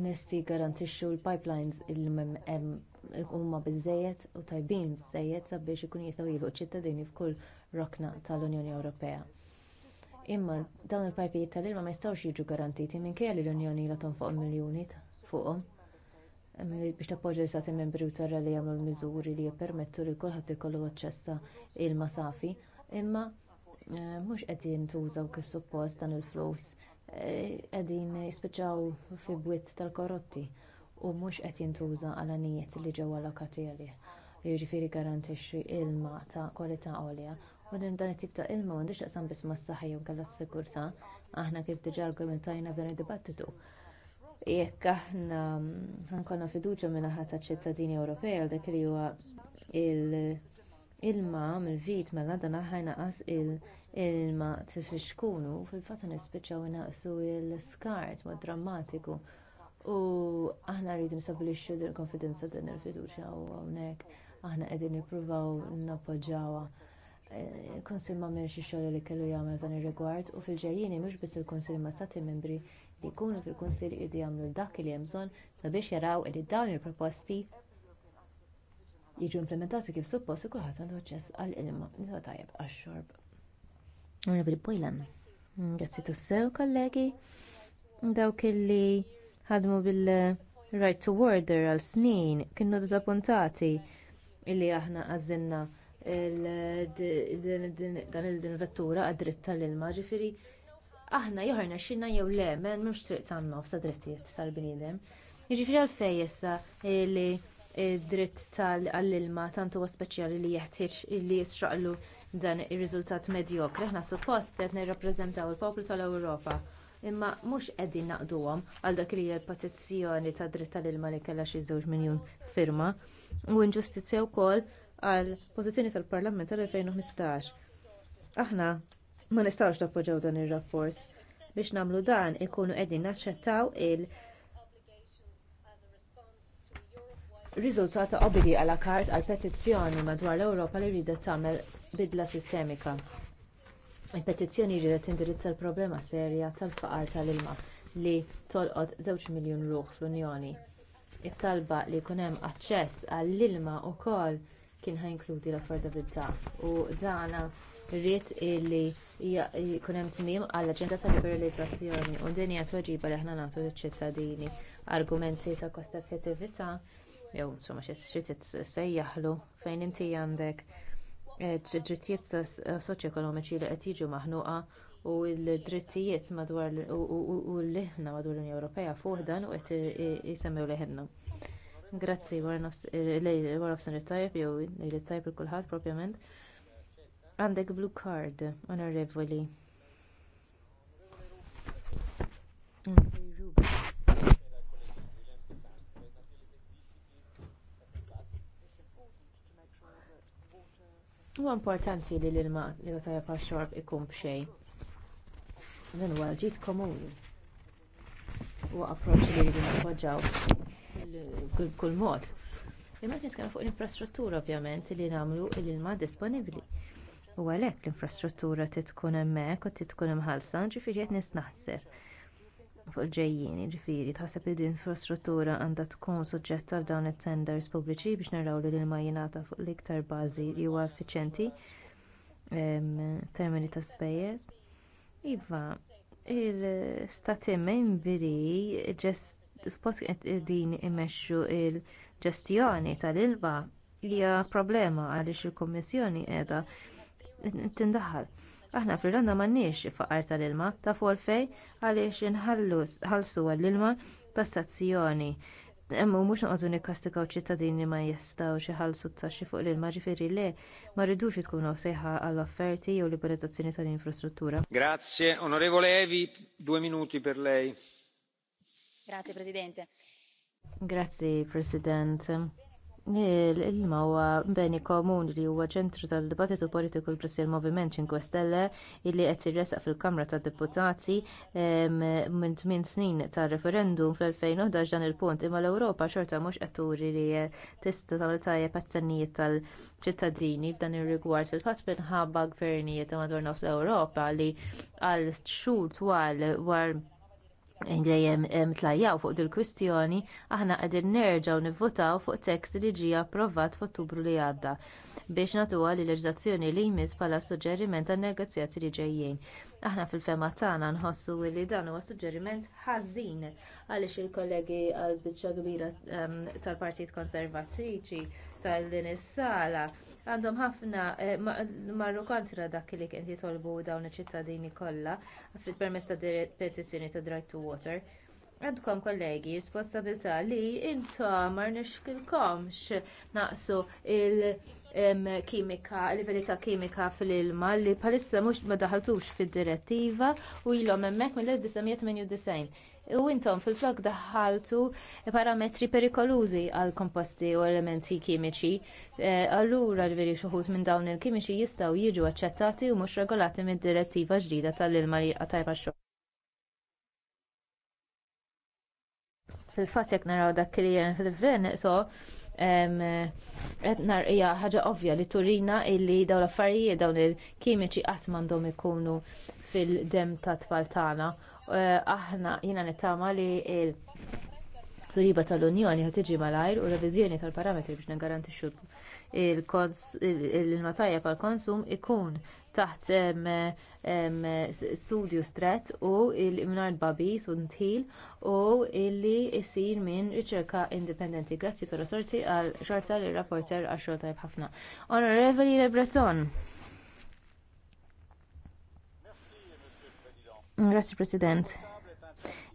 nesti garantixxu l-pipelines illi huma biżżejjed u tajbin biżżejjed sabiex ikun jistgħu jilqu ċittadini f'kull rokna tal-Unjoni Ewropea. Imma dawn il-pajpijiet tal-ilma ma jistgħux jiġu garantiti minkejja li l-Unjoni latom fuq miljuni fuqhom biex tappoġġa l-istati membri u tarra li jagħmlu l-miżuri li jippermettu li kulħadd ikollu aċċess il-masafi imma mhux qed jintużaw kis suppost dan il-flus e, qegħdin jispiċċaw fi bwiet tal-korotti u mhux qed jintuża għal għanijiet li ġewwa allokati għalih. Jiġifieri garantixxi ilma ta' kwalità għolja u din dan it-tip ta' ilma m'għandix taqsam biss mas-saħħa jew kellha s-sigurtà aħna kif diġà argumentajna f'dan id-dibattitu. Jekk aħna mm, nkollna fiduċja min-naħa taċ ċittadini Ewropej għal dak li huwa il-ilma mill-vit mela dan aħna naqas il-, -il Ilma t tifix kunu, fil-fatta nispiċaw naqsu l-skart ma drammatiku. U aħna rridu xħu din konfidenza din il-fiduċja u hawnhekk aħna qegħdin nippruvaw nappoġġawha. Eh, il ma meħx xi li kellu jagħmel dan ir-rigward u fil ġajjini mhux biss il konsil ma stati membri li jkunu fil konsil id jagħmlu dak li hemm bżonn sabiex jaraw li dawn il-proposti jiġu implementati kif suppost u kullħat għandu ċess għall ilma li tajjeb għax-xorb. Onorevoli Boylan. Grazzi tassew, kollegi. Dawk illi ħadmu bil-right to order għal snin kienu disappuntati illi aħna għazzinna dan il-din vettura għad-dritt tal-ilma ġifiri aħna joħorna xinna jew le, men mux triq tan-nofs sa drittijiet tal-bnidem. Ġifiri għalfej jessa li id-dritt tal-ilma tantu huwa speċjali li jeħtieġ li jisraqlu dan ir-riżultat medjokri. Aħna suppost qed nirrappreżentaw il-poplu tal-Ewropa imma mhux qegħdin naqduhom għal dak li hija l-petizzjoni tad dritt tal-ilma li kellha xi żewġ miljun firma u inġustizzja wkoll għall pożizzjoni tal-Parlament tal-2015. Aħna ma nistgħux nappoġġjaw dan ir-rapport biex nagħmlu dan ikunu qegħdin naċċettaw il- Riżultata ta' għal kart għal petizzjoni madwar l-Ewropa li rrida tagħmel bidla sistemika. Il-petizzjoni rridet tindirizza l-problema serja tal-faqar tal-ilma li tolqot 2 miljun ruħ fl-Unjoni. It-talba li jkun hemm aċċess għall-ilma wkoll kien jinkludi l-affordabilità u dana rrit li jkun hemm tmiem għall aġenda tal liberalizzazzjoni u din hija tweġiba li aħna nagħtu liċ-ċittadini argumenti ta' kost effettività jew insomma xi sejjaħlu fejn inti għandek eh, drittijiet soċjoekonomiċi li qed jiġu maħnuqa u l-drittijiet madwar u l-liħna madwar l-Unja Ewropea fuq dan u qed jisemmew leħinna. Grazzi wara il tajb jew il tajb il kulħadd propjament. Għandek blue card, onorevoli. Mm. Huwa importanti li l-ilma li huwa tajja pax-xorb ikun b'xejn. Dan huwa ġid komuni. Huwa approċċ li jridu nappoġġaw kull mod. Imma qed fuq l-infrastruttura ovvjament li nagħmlu l-ilma disponibbli. U għalhekk l-infrastruttura titkun hemmhekk u titkun imħallsa, ġifieri qed nisnaħseb fuq il-ġejjien, ġifiri, taħseb li din infrastruttura għandha tkun suġġetta għal dawn it-tenders pubbliċi biex naraw li l majjinata jingħata fuq l-iktar bażi li huwa effiċjenti termini ta' spejjeż. Iva, il-stati membri suppost qed din imexxu l ġestjoni tal-ilba hija problema għaliex il-Kummissjoni qiegħda tindaħal. Aħna fl-Irlanda m'għandniex faqar tal-ilma ta' folfej għaliex inħallsu għall-ilma ta' stazzjoni. Emmu mhux noqogħdu nikkastikaw ċittadini ma jistgħux iħallsu taxxi fuq l-ilma ġifieri le ma rridux tkun sejħa għall-offerti jew liberalizzazzjoni tal-infrastruttura. Grazie, onorevole Evi, due minuti per lei. Grazie Presidente. Grazie President Il-ilma huwa beni komun li huwa ċentru tal-dibattitu politiku l-Press il-Moviment 5 Stelle illi qed jirresaq fil-Kamra tad-Deputati minn tmien snin tar-referendum fl-2011 dan il-punt imma l-Ewropa xorta mhux qed turi li tista' tagħmel tajjeb għat tal-ċittadini f'dan ir-rigward fil-fatt minħabba gvernijiet madwar nofs l-Ewropa li għal xhur twal war dejjem tlajjaw fuq dil-kwistjoni, aħna qegħdin nerġgħu nivvotaw fuq tekst li ġie approvat f'Ottubru li għadda biex nagħtuha li leġiżlazzjoni li jmiss bħala suġġeriment għan negozjati li ġejjin. Aħna fil-fema tagħna nħossu li dan huwa suġġeriment ħażin għaliex il-kollegi għal biċċa kbira tal-Partit Konservatriċi tal-din is-sala għandhom ħafna eh, marru kontra dak li kien jitolbu dawn iċ-ċittadini kollha fit permess ta' petizzjoni ta' Drive to Water. Għandkom kollegi responsabilità li intom ma nixkilkomx naqsu il-kimika, livelli ta' kimika fil-ilma li bħalissa mhux ma daħaltux fid-direttiva u ilhom hemmhekk mill-1998 u intom fil-flok daħħaltu parametri perikolużi għal komposti u elementi kimiċi. Eh, allura ġveri xuħut minn dawn il-kimiċi jistaw jiġu accettati u mux regolati mid direttiva ġdida tal-ilma li għatajba xo. Fil-fat jek naraw dak li jen fil-ven, so, etnar eh, hija ħaġa ovvja li turina illi dawla farijie affarijiet dawn il-kimiċi qatt m'għandhom ikunu fil-dem ta' tfal tagħna Eh, aħna jiena nittama li l Turiba tal-Unjoni ħat tiġi malajr u reviżjoni tal-parametri biex nagarantixxu il-matajja pal-konsum ikun taħt studju stret u il-imnar babi suntil u illi jisir minn riċerka independenti. Grazzi per sorti għal xorta l-rapporter għal xorta ħafna. Onorevoli Lebreton. Grazie President.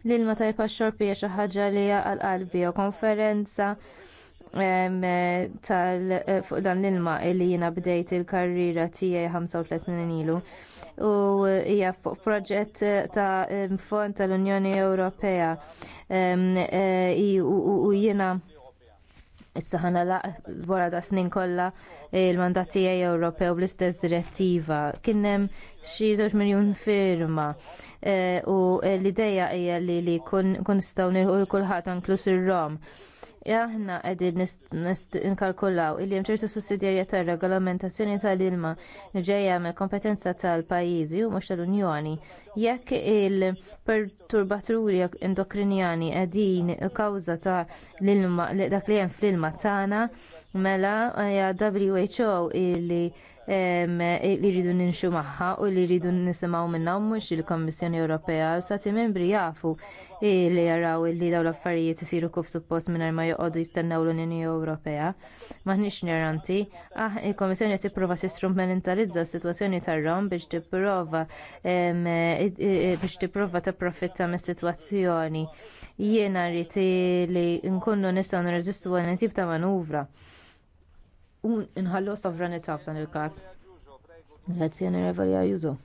L-ilma tajpa xorpi xi ħaġa li għal qalbi u konferenza tal fuq dan l-ilma li jiena bdejt il-karriera tiegħi 35 snin ilu u hija fuq proġett ta' fond tal-Unjoni Ewropea eh, u jiena Issa ħana laq wara da snin kollha il-mandat tiegħi Ewropew bl-istess direttiva. Kien hemm xi żewġ miljun firma e, u l-idea hija li li kun nistgħu nilħu kulħadd inkluż ir-Rom aħna qegħdin nkalkulaw illi hemm ċertu sussidjarja tar-regolamentazzjoni tal-ilma li ġejja mill-kompetenza tal-pajjiżi u mhux tal-Unjoni. Jekk il-perturbaturi endokrinjani qegħdin kawża ta' l-ilma dak li hemm fl-ilma tagħna mela hija WHO illi li rridu ninxu magħha u li rridu nisimgħu minnha mhux il-Kommissjoni Ewropea u sati membri jafu li jaraw li dawn l-affarijiet isiru kif suppost mingħajr ma joqogħdu jistennew l-Unjoni Ewropea. Maħniex ignoranti, ah il-Komissjoni qed tipprova tistrumentalizza s-sitwazzjoni tar-Rom biex tipprova biex tipprova tapprofitta mis-sitwazzjoni. Jiena rrid li nkunu nistgħu nirreżistu għal tip ta' manuvra. U nħallu sovranità f'dan il-każ. Grazie, Onorevoli Ajuso.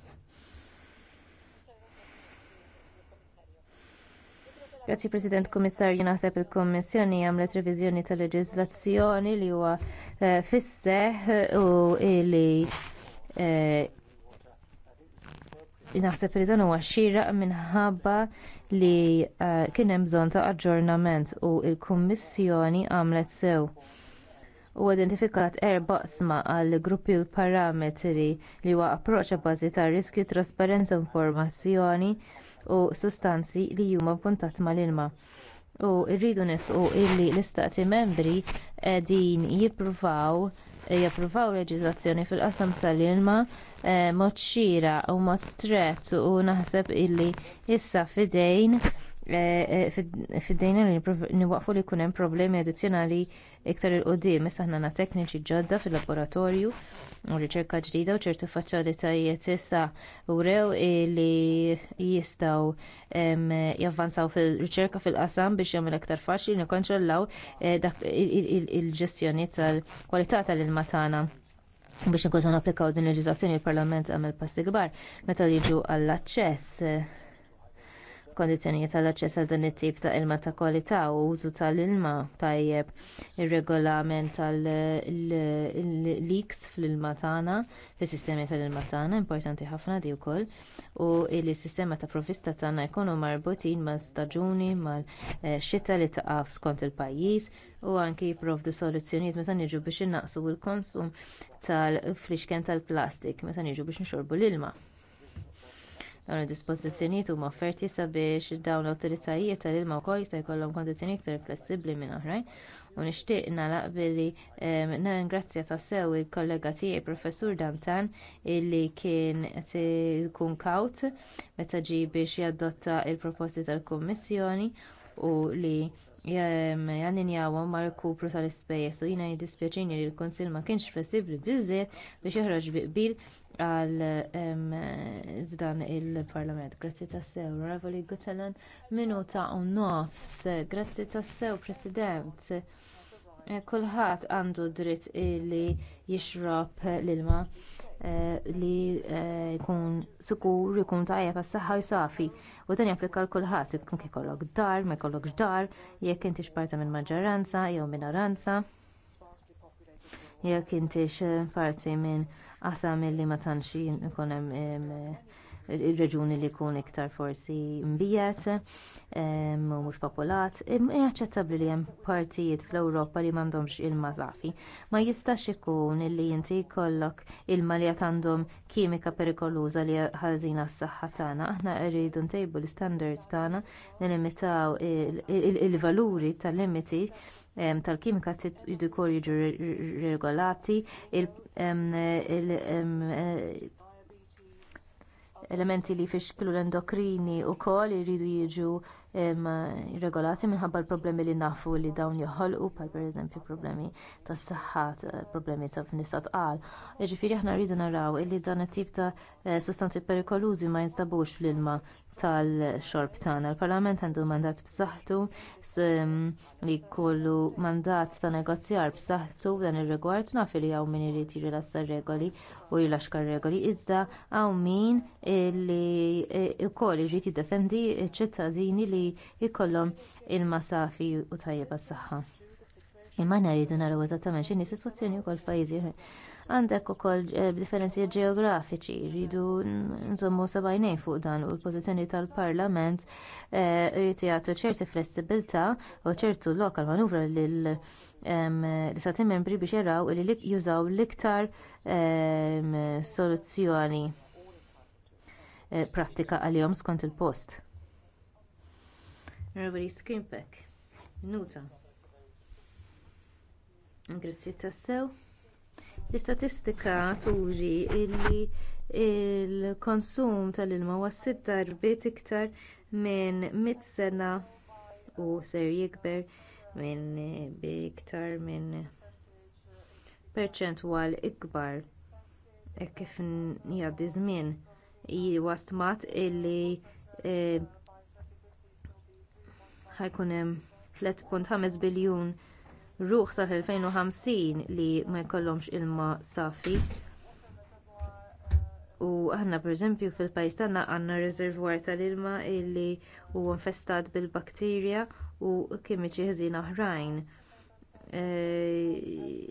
Grazzi President Kummissar, naħseb il-Kommissjoni għamlet reviżjoni tal leġizlazzjoni li huwa eh, fisseħ u li eh, naħseb li dan huwa xieraq minħabba li eh, kien hemm bżonn ta' aġġornament u l-Kummissjoni għamlet sew u identifikat erba' sma għal gruppi l parametri li huwa approċċ bażi ta' riskju trasparenza informazzjoni u sustanzi li huma puntat mal-ilma. U rridu nisqu illi l-istati membri qegħdin jippruvaw jappruvaw leġiżlazzjoni fil-qasam tal-ilma eh, mod xira u mod strett u naħseb illi issa fidejn Eh, eh, fid-dejna li niwaqfu li jkun hemm problemi addizzjonali iktar il-qoddim, issa ħna tekniċi ġodda fil-laboratorju u riċerka ġdida u ċertu faċilitajiet issa urew li jistgħu javvanzaw fil-riċerka fil-qasam biex jagħmel aktar faċli nikkontrollaw eh, dak il-ġestjoni tal-kwalità tal-ilma tagħna biex nkunu applikaw din il-leġiżlazzjoni il-Parlament għamel passi kbar meta jiġu għall-aċċess kondizzjonijiet tal-aċċess għal dan it-tip ta' ilma ta' kwalità u użu tal-ilma tajjeb ir-regolament tal-leaks fl-ilma tagħna, fis-sistemi tal-ilma tagħna importanti ħafna di wkoll u li s-sistema ta' provvista tagħna jkunu marbutin ma' staġuni mal-xita li taqaf skont il-pajjiż u anki jipprovdu soluzzjonijiet meta niġu biex innaqsu l-konsum tal-frixken tal-plastik meta niġu biex nxorbu l-ilma. Dawn id-dispożizzjonijiet huma offerti sabiex dawn l-awtoritajiet tal-ilma wkoll jista' jkollhom kondizzjoni iktar flessibbli minn oħrajn u nixtieq nagħlaq billi ehm, ningrazzja tassew il-kollega tiegħi professur Dantan illi kien qed ikun kawt meta ġie biex jadotta l proposti tal-Kummissjoni u li ehm, janninjawhom ma' rkupru tal-ispejjeż u jiena jiddispjaċini li l-Kunsill ma kienx flessibbli biżżejjed biex joħroġ bi qbil għal f'dan il-parlament. Grazzi tassew, Ravoli Gutelan, minuta u nofs. Grazzi tassew, President. Eh, kulħadd għandu dritt li jixrob l-ilma eh, li eh, jkun sikur jkun tajjeb s saħħa u safi. U dan japplika l kulħadd jkun kikollok dar, ma jkollokx dar, jekk intix xparta minn maġġoranza jew minoranza jekk intix parti minn qasam illi ma tantx ikun hemm ir-reġuni li jkun iktar forsi mbijet u mhux popolat, inaċċettabbli li hemm partijiet fl-Ewropa li m'għandhomx ilma mażafi Ma jistax ikun illi inti jkollok ilma li qed għandhom kimika perikoluża li ħażina s-saħħa tagħna. Aħna rridu ntejbu l standards tagħna, nilimitaw il-valuri tal-limiti tal-kimika jidu jkunu jiġu regolati eh, elementi li fixklu l-endokrini wkoll jridu jiġu regolati minħabba l-problemi li nafu li dawn joħolqu bħal pereżempju problemi tas saħħat eh, problemi ta' f-nisat għal. Jiġifieri aħna rridu naraw illi dan it-tip ta' eh, sustanzi perikolużi ma jinstabux fl-ilma tal-xorb tagħna. Il-Parlament għandu mandat b'saħħtu mm, li jkollu mandat ta' negozjar b'saħħtu dan ir-rigward naf li hawn min irid jirilassa regoli u jilaxka regoli iżda hawn min li wkoll e, irid jiddefendi ċ-ċittadini li jkollhom il-masafi u tajjeb għas-saħħa. Imma naridu naraw eżattament x'inhi sitwazzjoni wkoll f'pajjiżi għandek ukoll eh, differenzi ġeografiċi, rridu nżommu sabajnejn fuq dan u l-pożizzjoni tal-Parlament jrid eh, jagħtu ċerti flessibilità u ċertu lokal manuvra lil l-istati membri biex jaraw li jużaw l-iktar soluzzjoni eh, prattika għalihom skont il-post. Raveri Screenpack, Nuta. Grazzi tassew. L-istatistika turi li l konsum tal-ilma huwa sitt darbiet iktar minn 100 sena u ser jikber minn iktar minn perċentwal ikbar e kif jgħaddi żmien huwa stmat illi e, ħajkun hemm 3.5 biljun ruħ sal-2050 li ma jkollhomx ilma safi. U aħna pereżempju fil-pajjiż tagħna għandna riservwar tal-ilma li huwa infestat bil-bakterja u kimiċi ħażin oħrajn. Eh,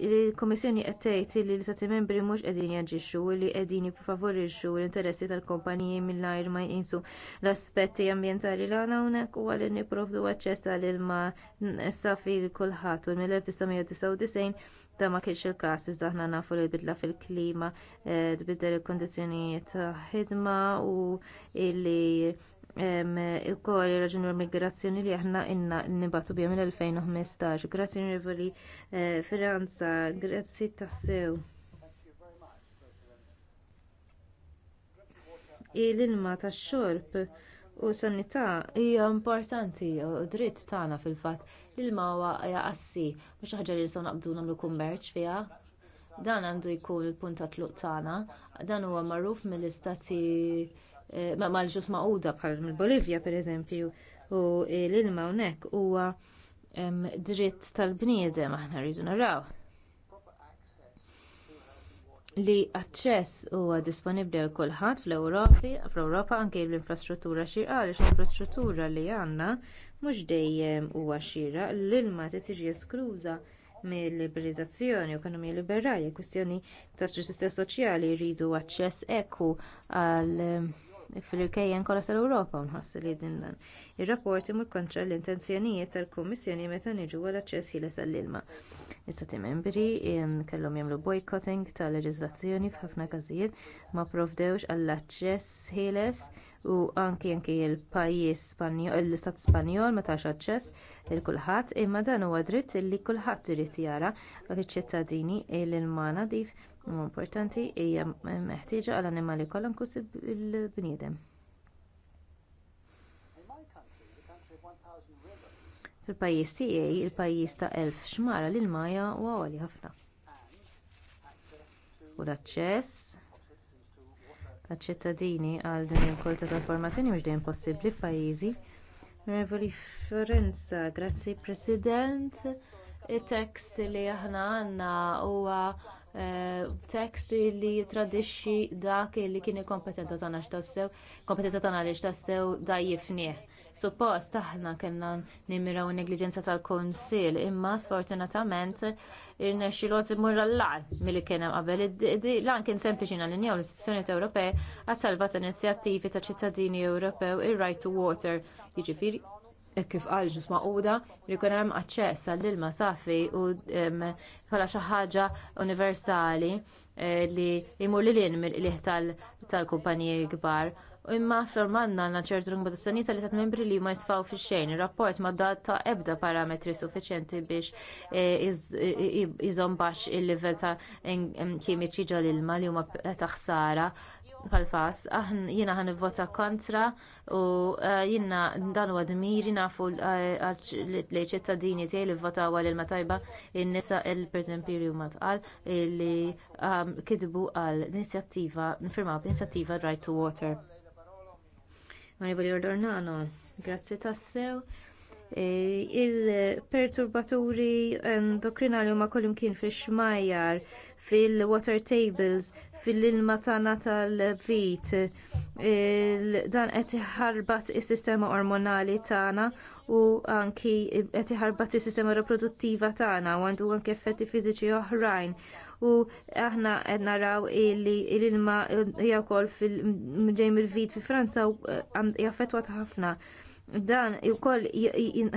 il-Komissjoni qed tgħid li l istati membri mhux qegħdin jaġixxu li qegħdin jipfavorixxu l-interessi tal-kumpaniji mingħajr ma jinsu l-aspetti ambjentali l għana hawnhekk huwa li nipprovdu aċċess għal ilma safi l kulħadd u mill-1999 da ma kienx il-każ iżda aħna nafu li bidla fil-klima eh, tbiddel il kundizzjonijiet ta' ħidma u li ukoll raġun l-migrazzjoni li aħna inna nibatu bija mill-2015. Grazzi Rivoli eh, Franza, grazzi tassew. Il-ilma tax-xorb u sanità hija importanti u dritt tagħna fil-fatt l-ilma huwa qassi mhux ħaġa li nistgħu naqbdu nagħmlu kummerċ fiha. Dan għandu jkun il-punt ta' tluq tagħna, dan huwa magħruf mill-istati Eh, mal-ġus maquda bħal mill-Bolivja pereżempju u l-ilma hawnhekk huwa dritt tal-bniedem aħna rridu naraw li aċċess huwa disponibbli għal kulħadd fl-Ewropi, fl-Ewropa anke l-infrastruttura xirqa għaliex l-infrastruttura li għandna mhux dejjem huwa għaxira l-ilma trid tiġi eskluża mill-liberalizzazzjoni ekonomija liberali, kwistjoni ta' ġustizja soċjali jridu aċċess eku għal fil-irkejjen kollha tal-Ewropa nħassi li din dan. Ir-rapport imur kontra l-intenzjonijiet tal-Kummissjoni meta niġu għall aċċess ħieles għall-ilma. Istati membri kellhom jagħmlu boycotting ta' leġiżlazzjoni f'ħafna każijiet ma provdewx għall-aċċess ħieles u anki anki il-pajis l-istat spanjol ma tax aċċess il kulħadd imma dan huwa dritt li kulħadd irid jara fiċ-ċittadini il-ilma nadif huma importanti hija meħtieġa għal annimali kollha inkluż il-bniedem. Fil-pajjiż tiegħi il-pajjiż ta' elf xmara lil maja huwa għali ħafna. U l-aċċess għaċ-ċittadini għal din il-kulta ta' informazzjoni mhux dejjem possibbli f'pajjiżi. Revoli Forenza, grazzi President. it tekst li aħna għandna huwa Eh, text li jitradixxi dak li kien il-kompetenza tagħna x'tassew, kompetenza tagħna li x'tassew dajjifnieh. Suppost aħna kellna nimmiraw negliġenza tal-Kunsill, imma sfortunatament irnexxilot imur l-lar milli kien hemm qabel. Lan kien sempliċi nallinjaw l-istituzzjonijiet Ewropej għat talbat inizjattivi ta' ċittadini Ewropew ir-right to water, jiġifieri E kif qal ġus maquda li jkun hemm aċċess għall-ilma safi u bħala xi ħaġa universali e, li jmur lil hinn mill-qlieħ tal-kumpaniji kbar. Imma fl-Ormanna għandna ċertu tas-sanita tal tat membri li ma jisfaw fi xejn. Ir-rapport ma ta' ebda parametri suffiċenti biex jizombax e, il-livell ta' kimiċi ġol ilma li huma ta' ħsara pal-fas, jina ħan vota kontra u eh, jina dan huwa dmiri nafu eh, li ċittadini tiegħi li vota għal ilma tajba in-nisa il perżempju huma tqal li ehm, kidbu għal inizjattiva nfirmaw b'inizjattiva Right to Water. Onorevoli Ordornano, grazzi tassew. E, il-perturbaturi endokrinali huma kollimkien fix-xmajjar fil-water tables, fil-ilma tagħna tal-vit. Dan qed iħarbat is-sistema ormonali tagħna u anki qed iħarbat is-sistema riproduttiva tagħna u għandu anke effetti fiżiċi oħrajn u aħna qed naraw li l-ilma hija wkoll fil-ġejm il-vit fi Franza eh, jaffettwat ħafna dan ukoll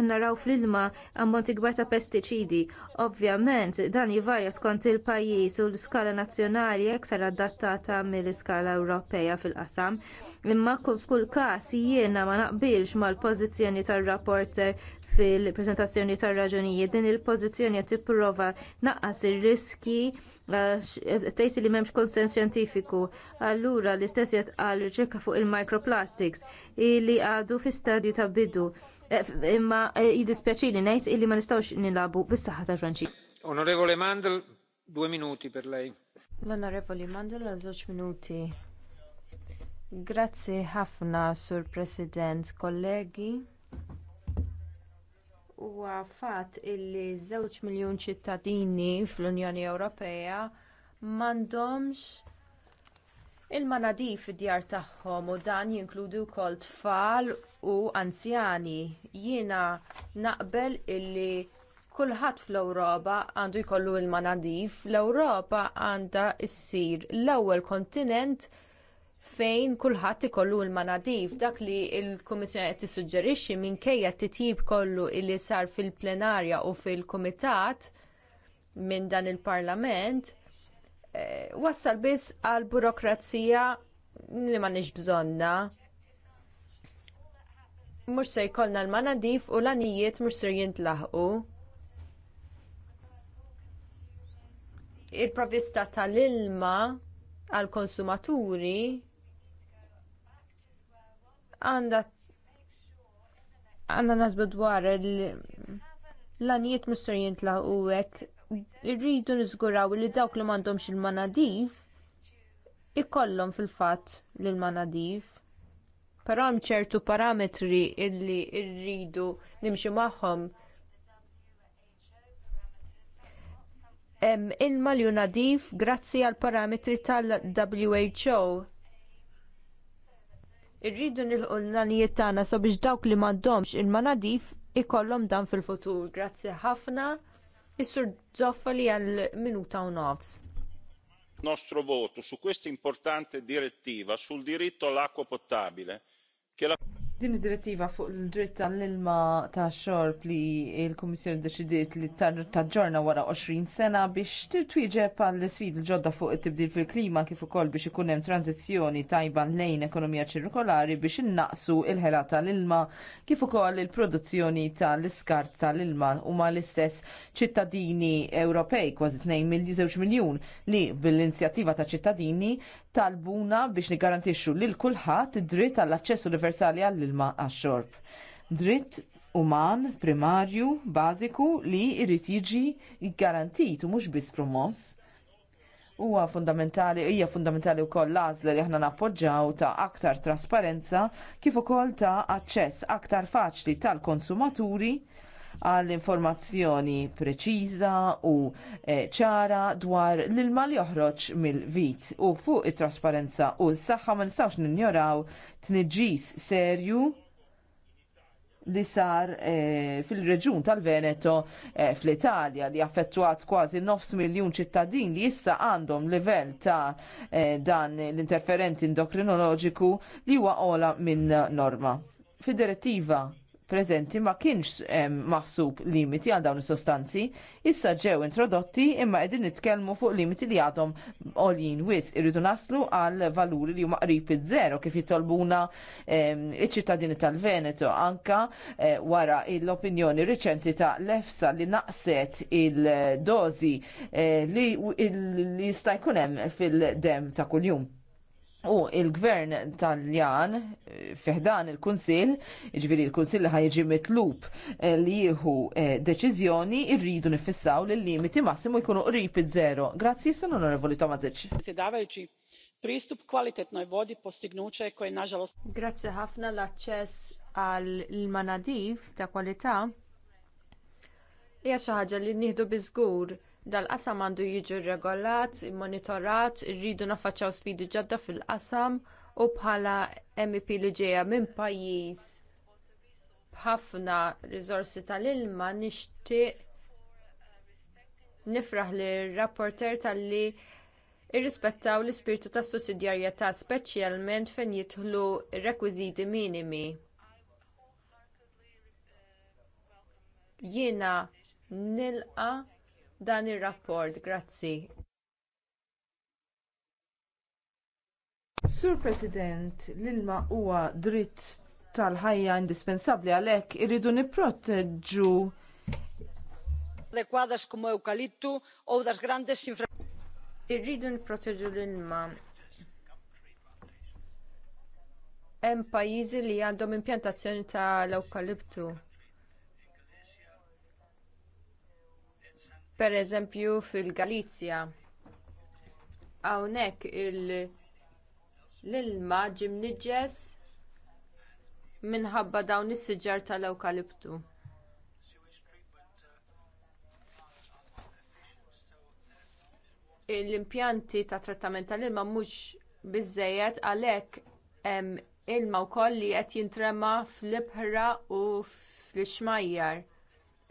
naraw fl-ilma ammonti kbar ta' pestiċidi. Ovvjament, dan jivarja skont il-pajjiż u l-iskala nazzjonali aktar adattata mill-iskala Ewropea fil-qasam. Imma f'kull każ jiena ma naqbilx mal-pożizzjoni tar-rapporter fil-preżentazzjoni tar-raġunijiet din il-pożizzjoni qed tipprova naqqas ir-riski Eh, tgħid li memx konsens xjentifiku. Allura l-istess għal riċerka fuq il-microplastics li għadu fi stadju ta' biddu. Eh, imma eh, jiddispjaċini ngħid illi ma nistawx nilabu bis-saħħa ta' franċi Onorevole Mandel, due minuti per lei. l onorevole Mandel għal żewġ minuti. Grazzi ħafna, Sur President, kollegi huwa fatt illi żewġ miljun ċittadini fl-Unjoni Ewropea m'għandhomx il manadif fid-djar tagħhom u dan jinkludi wkoll tfal u anzjani. Jiena naqbel illi kulħadd fl-Ewropa għandu jkollu l-manadif, l-Ewropa għandha ssir l-ewwel kontinent fejn kulħadd ikollu l-manadif dak li l-Kummissjoni qed tissuġġerixxi minkejja titjib kollu li sar fil-plenarja u fil-kumitat minn dan il-Parlament eh, wassal biss għal burokrazija li nix bżonna. Mux se jkollna l-manadif u l-anijiet mhux se jintlaħqu. Il-provista tal-ilma għall konsumaturi għanda għandna nasbu dwar l-għanijiet mis-sorjent la u irridu niżguraw li dawk li m'għandhomx il-manadiv ikollhom fil-fatt lil manadiv Però hemm ċertu parametri illi rridu nimxu magħhom. Ilma li nadif grazzi għal parametri tal-WHO Irridu nilqu l-nanijiet tagħna sabiex dawk li m'għandhomx il-manadif ikollhom dan fil-futur. Grazzi ħafna. Is-sur Zoffoli għal minuta u nofs. Nostro voto su questa importante direttiva sul diritto all'acqua potabile. che la Din id-direttiva fuq il-dritt tal-ilma ta' xorb li il-Kummissjoni deċidiet li taġġorna wara 20 sena biex tirtwieġeb għall sfid l-ġodda fuq it-tibdil fil-klima kif ukoll biex ikun hemm tranzizzjoni tajba lejn ekonomija ċirkolari biex innaqsu il-ħela tal-ilma kif ukoll il-produzzjoni tal-iskart tal-ilma huma l-istess ċittadini Ewropej kważi 2 miljun miljun li bil-inzjattiva ta' ċittadini talbuna biex nigarantixxu lil kulħadd id-dritt għall aċċess universali għall-ilma għax-xorb. Dritt uman primarju bażiku li jrid jiġi garantit u mhux biss promoss. Huwa fundamentali hija fundamentali wkoll l-għażla li aħna nappoġġaw ta' aktar trasparenza kif ukoll ta' aċċess aktar faċli tal-konsumaturi għall informazzjoni preċiża u eh, ċara dwar l-ilma li joħroġ mill-vit u fuq it-trasparenza u s-saħħa ma nistgħux ninjoraw tniġġis serju li sar e, eh, fil-reġun tal-Veneto e, fl-Italja li affettwat kważi 9 miljun ċittadin li issa għandhom livell ta' e, dan l-interferenti endokrinoloġiku li huwa ola minn norma. Fid-direttiva preżenti ma kienx maħsub limiti għal dawn is-sostanzi, issa ġew introdotti imma qegħdin nitkellmu fuq limiti li għadhom għoljin wis irridu naslu għal valuri li huma qrib iż-żero kif jitolbuna iċ-ċittadini tal-Veneto anka eh, wara l-opinjoni riċenti ta' lefsa li naqset il-dozi eh, li jista' jkun hemm fil-dem ta' kuljum. U il-gvern taljan fiħdan il-Kunsil, ġviri il-Kunsil li ħajġi mitlub eh, li jieħu eh, deċizjoni irridu nifissaw li limiti massimu jkunu qrib iż-żero. Grazzi, sen onorevoli Tomazic. Presidavajuċi, pristup noj vodi postignuċe koj naġalos. Grazzi ħafna l acċess għal manadif ta' kwalità. Ija xi ħaġa li nieħdu biżgur dal-qasam għandu jiġi regolat, monitorat, rridu nafaċċaw sfidi ġodda fil-qasam u bħala MEP li ġejja minn pajjiż b'ħafna rizorsi tal-ilma nixtieq nifraħ li rapporter talli irrispettaw l-ispirtu tas sussidjarjetà speċjalment fejn jidħlu rekwiżiti minimi. Jiena nilqa' dan ir-rapport. Grazzi. Sur President, l-ilma huwa dritt tal-ħajja indispensabbli għalhekk irridu nipproteġu adekwadas como eucalipto ou das grandes Irridu nipproteġu l-ilma hemm pajjiżi li għandhom impjantazzjoni tal-ewkaliptu. pereżempju fil-Galizja. Hawnhekk l-ilma ġie mniġġes minħabba dawn is-siġar tal-ewkaliptu. L-impjanti ta' trattament tal-ilma mhux biżżejjed għalhekk hemm ilma wkoll li qed jintrema fl-ibħra u fl-ixmajjar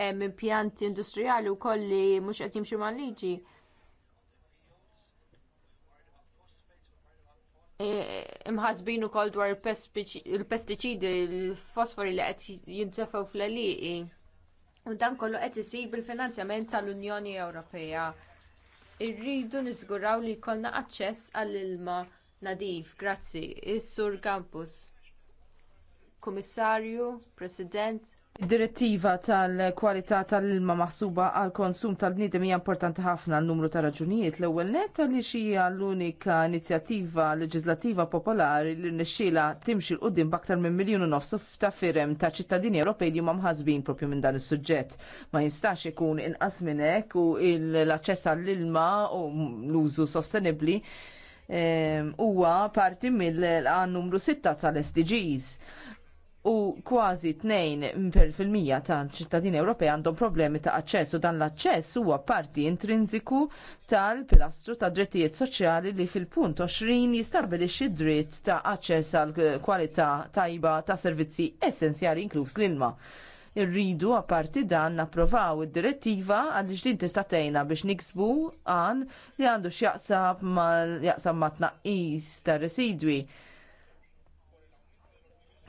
hemm impjanti industrijali wkoll li mhux qed jimxu mal-liġi. E, imħasbin ukoll dwar il-pestiċidi, il-fosfori li qed jintefgħu fl-għaliqi. U dan kollu qed isir bil-finanzjament tal-Unjoni Ewropea. Irridu niżguraw li jkollna aċċess għall-ilma nadif, grazzi, is-Sur Campus. Kummissarju, President, Direttiva tal-kwalità tal-ilma maħsuba għal konsum tal-bniedem hija importanti ħafna l numru ta' raġunijiet l-ewwel net li hija l-unika inizjattiva leġislattiva popolari li nixxila timxi l-qudiem b'aktar minn miljun u nofs ta' firem ta' ċittadini Ewropej li huma mħasbin propju minn dan is-suġġett. Ma jistax ikun inqas minn hekk u l-aċċess għall-ilma u l-użu sostenibbli ehm, huwa parti mill-għan numru 6 tal-SDGs u kważi 2% tal-ċittadini Ewropej għandhom problemi ta' aċċess u dan l-aċċess huwa parti intrinsiku tal-pilastru ta' drittijiet soċjali li fil-punt 20 jistabilixxi dritt ta' aċċess għal kwalità tajba ta' servizzi essenzjali inkluż l-ilma. Irridu apparti dan napprovaw id-direttiva għal din tista' tgħinna biex niksbu għan li għandu x'jaqsab ma' jaqsam ma' tnaqqis ta' residwi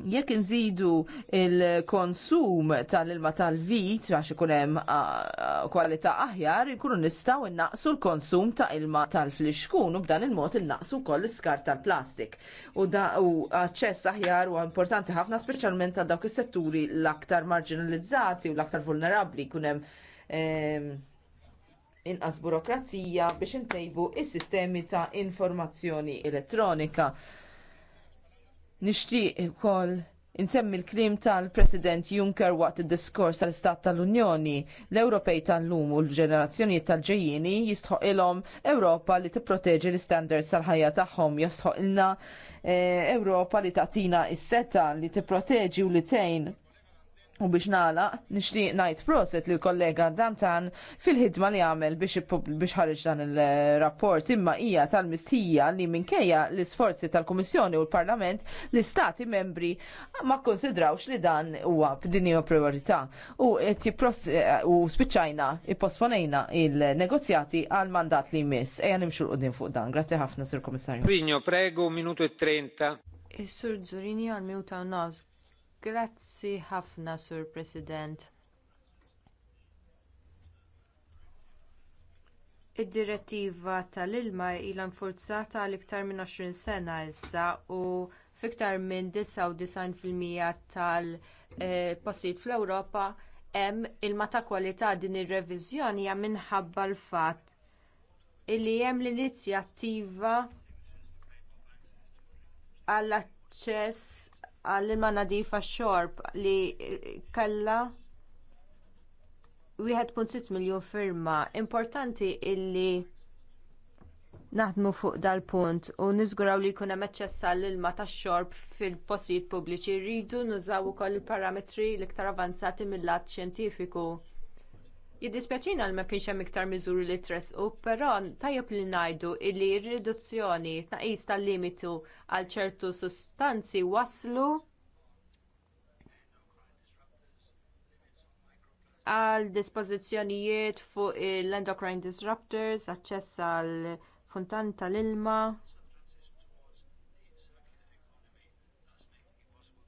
Jekk inżidu il-konsum tal-ilma tal-vit għax ikunem hemm kwalità aħjar, inkunu nistgħu innaqsu l-konsum ta' ilma tal-fliexkun u b'dan il-mod innaqsu wkoll l-iskar tal-plastik. U da u aċċess aħjar huwa importanti ħafna speċjalment ta' dawk is-setturi l-aktar marginalizzati u l-aktar vulnerabbli jkun hemm inqas burokrazija biex intejbu is-sistemi ta' informazzjoni elettronika. Nixtieq ukoll insemmi l-klim tal-President Juncker waqt id-diskors tal-Istat tal-Unjoni, l-Ewropej tal-lum u l-ġenerazzjonijiet tal-ġejjini jistħoq Ewropa li tipproteġi l-istandards tal-ħajja tagħhom, jistħoq ilna eh, Ewropa li tagħtina is-seta li tipproteġi u li tgħin U biex nagħlaq nixtieq ngħid proset lill kollega Dantan fil-ħidma li għamel biex ħareġ dan il-rapport imma hija tal-mistija li minkejja l-isforzi tal-Kummissjoni u l-Parlament l-Istati membri ma konsidrawx li dan huwa b'dinja priorità u u spiċċajna ipposponejna il-negozjati għal mandat li jmiss. Ejja nimxu l-qudin fuq dan. Grazzi ħafna, Sir Komissarju. Prinjo, prego, minuto e 30. Is-Sur e Zurini għal-Mewta Nazg. Grazzi ħafna, Sur President. Id-direttiva tal-ilma hija nfurzata għal iktar minn 20 sena issa u fiktar minn 99% tal-postijiet eh, fl-Ewropa hemm ilma ta' kwalità din ir-reviżjoni hija minħabba l-fatt li hemm l-inizjattiva għall-aċċess għall-ilma nadifa xorb li kellha 1.6 miljun firma. Importanti illi naħdmu fuq dal-punt u niżguraw li jkun hemm l ilma tax-xorb fil-postijiet pubbliċi rridu nużaw ukoll il-parametri l-iktar avanzati mill-lat xjentifiku Jiddispjaċina li ma kienx hemm iktar miżuri li tressqu, però tajjeb li ngħidu li r-riduzzjoni tnaqis tal-limitu għal ċertu sustanzi waslu għal dispożizzjonijiet fuq l-endocrine disruptors, aċċess għal funtan tal-ilma.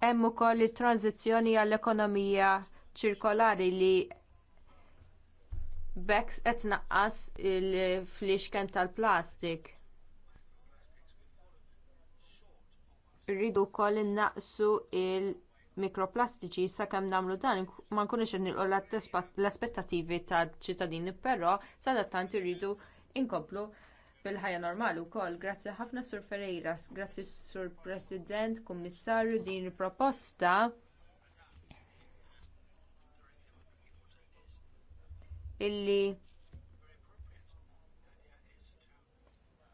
Hemm ukoll it-tranzizzjoni għall ekonomija ċirkolari li B'hekk qed naqqas il fliexken tal-plastik. Rridu wkoll innaqsu l mikroplastiċi sakemm nagħmlu dan ma nkunux qed nilqu l-aspettattivi tal-ċittadini, però sadattant irridu inkomplu fil-ħajja normali wkoll. Grazzi ħafna Sur Ferreira, grazzi Sur President, Kummissarju din il-proposta illi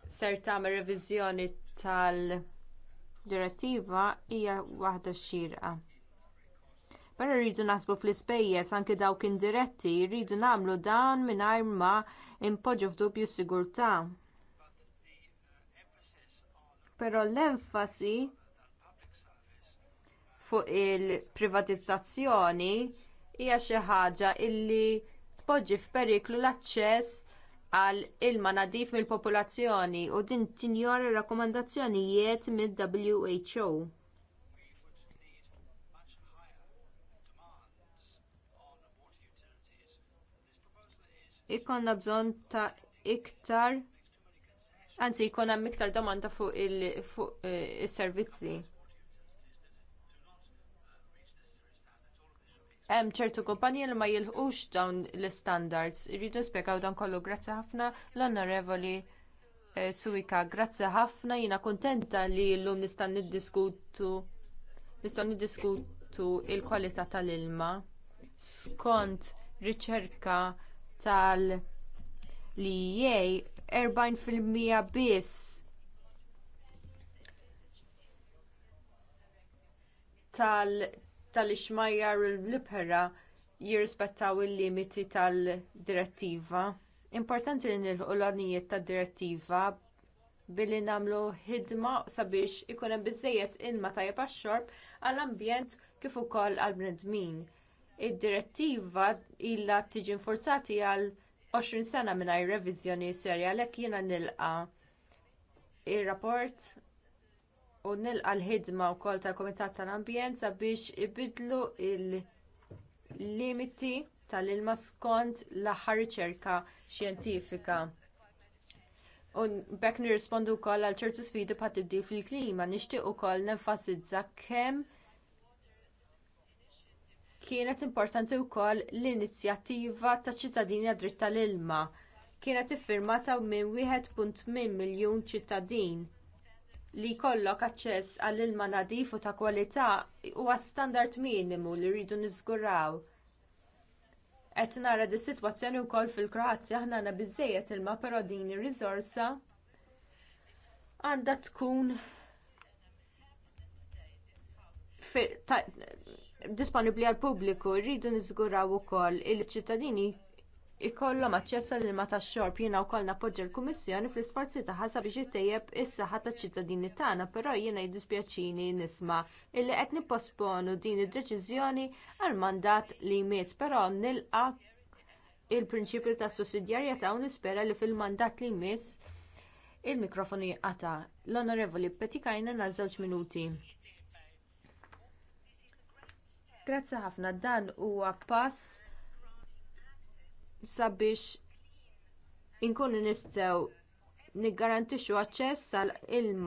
ser tagħmel reviżjoni tal-direttiva hija waħda xxierqa. Però rridu naħsbu fl-ispejjeż anke dawk indiretti rridu nagħmlu dan mingħajr ma impoġġu f'dubju s-sigurtà. Però l-enfasi fuq il-privatizzazzjoni hija xi ħaġa illi tpoġġi f'periklu l-aċċess għal ilma nadif mill-popolazzjoni u din tinjora r rakkomandazzjonijiet mill-WHO. Ikonna bżonn ta' iktar, anzi jkun hemm iktar domanda fuq eh, is-servizzi. hemm ċertu kumpanji li ma jilħux dawn l-standards. Irridu spjegaw dan kollu grazzi ħafna l-onorevoli eh, Suika, grazzi ħafna jiena kuntenta li llum nista' niddiskutu nistgħu niddiskutu l kwalità tal-ilma skont riċerka tal- li jej 40% biss tal tal-ixmajjar u l-libħera jirrispettaw il-limiti tal-direttiva. Importanti li nilħu l-għanijiet tad-direttiva billi nagħmlu ħidma sabiex ikun hemm biżżejjed ilma tajjeb għax-xorb għall-ambjent kif ukoll għall-bnedmin. Id-direttiva ilha tiġi infurzati għal 20 sena mingħajr reviżjoni serja għalhekk jiena nilqa ir-rapport u nilqa l-ħidma wkoll tal-Kumitat tal-Ambjent sabiex ibidlu il-limiti tal-ilma skont l-aħħar riċerka xjentifika. U bekk nirrispondu wkoll għal ċertu sfidi pa' tibdil fil-klima, nixtieq ukoll nenfasizza kemm kienet importanti wkoll l-inizjattiva taċ ċittadini għad-dritt tal-ilma. Kienet iffirmata minn 1.8 miljun ċittadin li jkollok aċċess għall ilma nadif u ta' kwalità huwa standard minimu li rridu niżguraw. Qed nara di sitwazzjoni wkoll fil-Kroazja aħna għandna biżżejjed ilma però din ir-riżorsa għandha tkun disponibbli għall pubbliku, rridu niżguraw ukoll il-ċittadini ikollhom aċċess għall ilma tax-xorb jiena wkoll nappoġġja l-Kummissjoni fl-isforzi tagħha sabiex ittejjeb is-saħħa taċ-ċittadini tagħna, però jiena jiddispjaċini nisma' illi qed nipposponu din id-deċiżjoni għal mandat li jmiss, però nilqa il-prinċipju ta' sussidjarjetà u nispera li fil-mandat li jmiss il-mikrofonu jinqata'. L-Onorevoli Petikajna għal żewġ minuti. Grazzi ħafna dan huwa pass sabiex inkunu nistgħu niggarantixxu aċċess għall ilma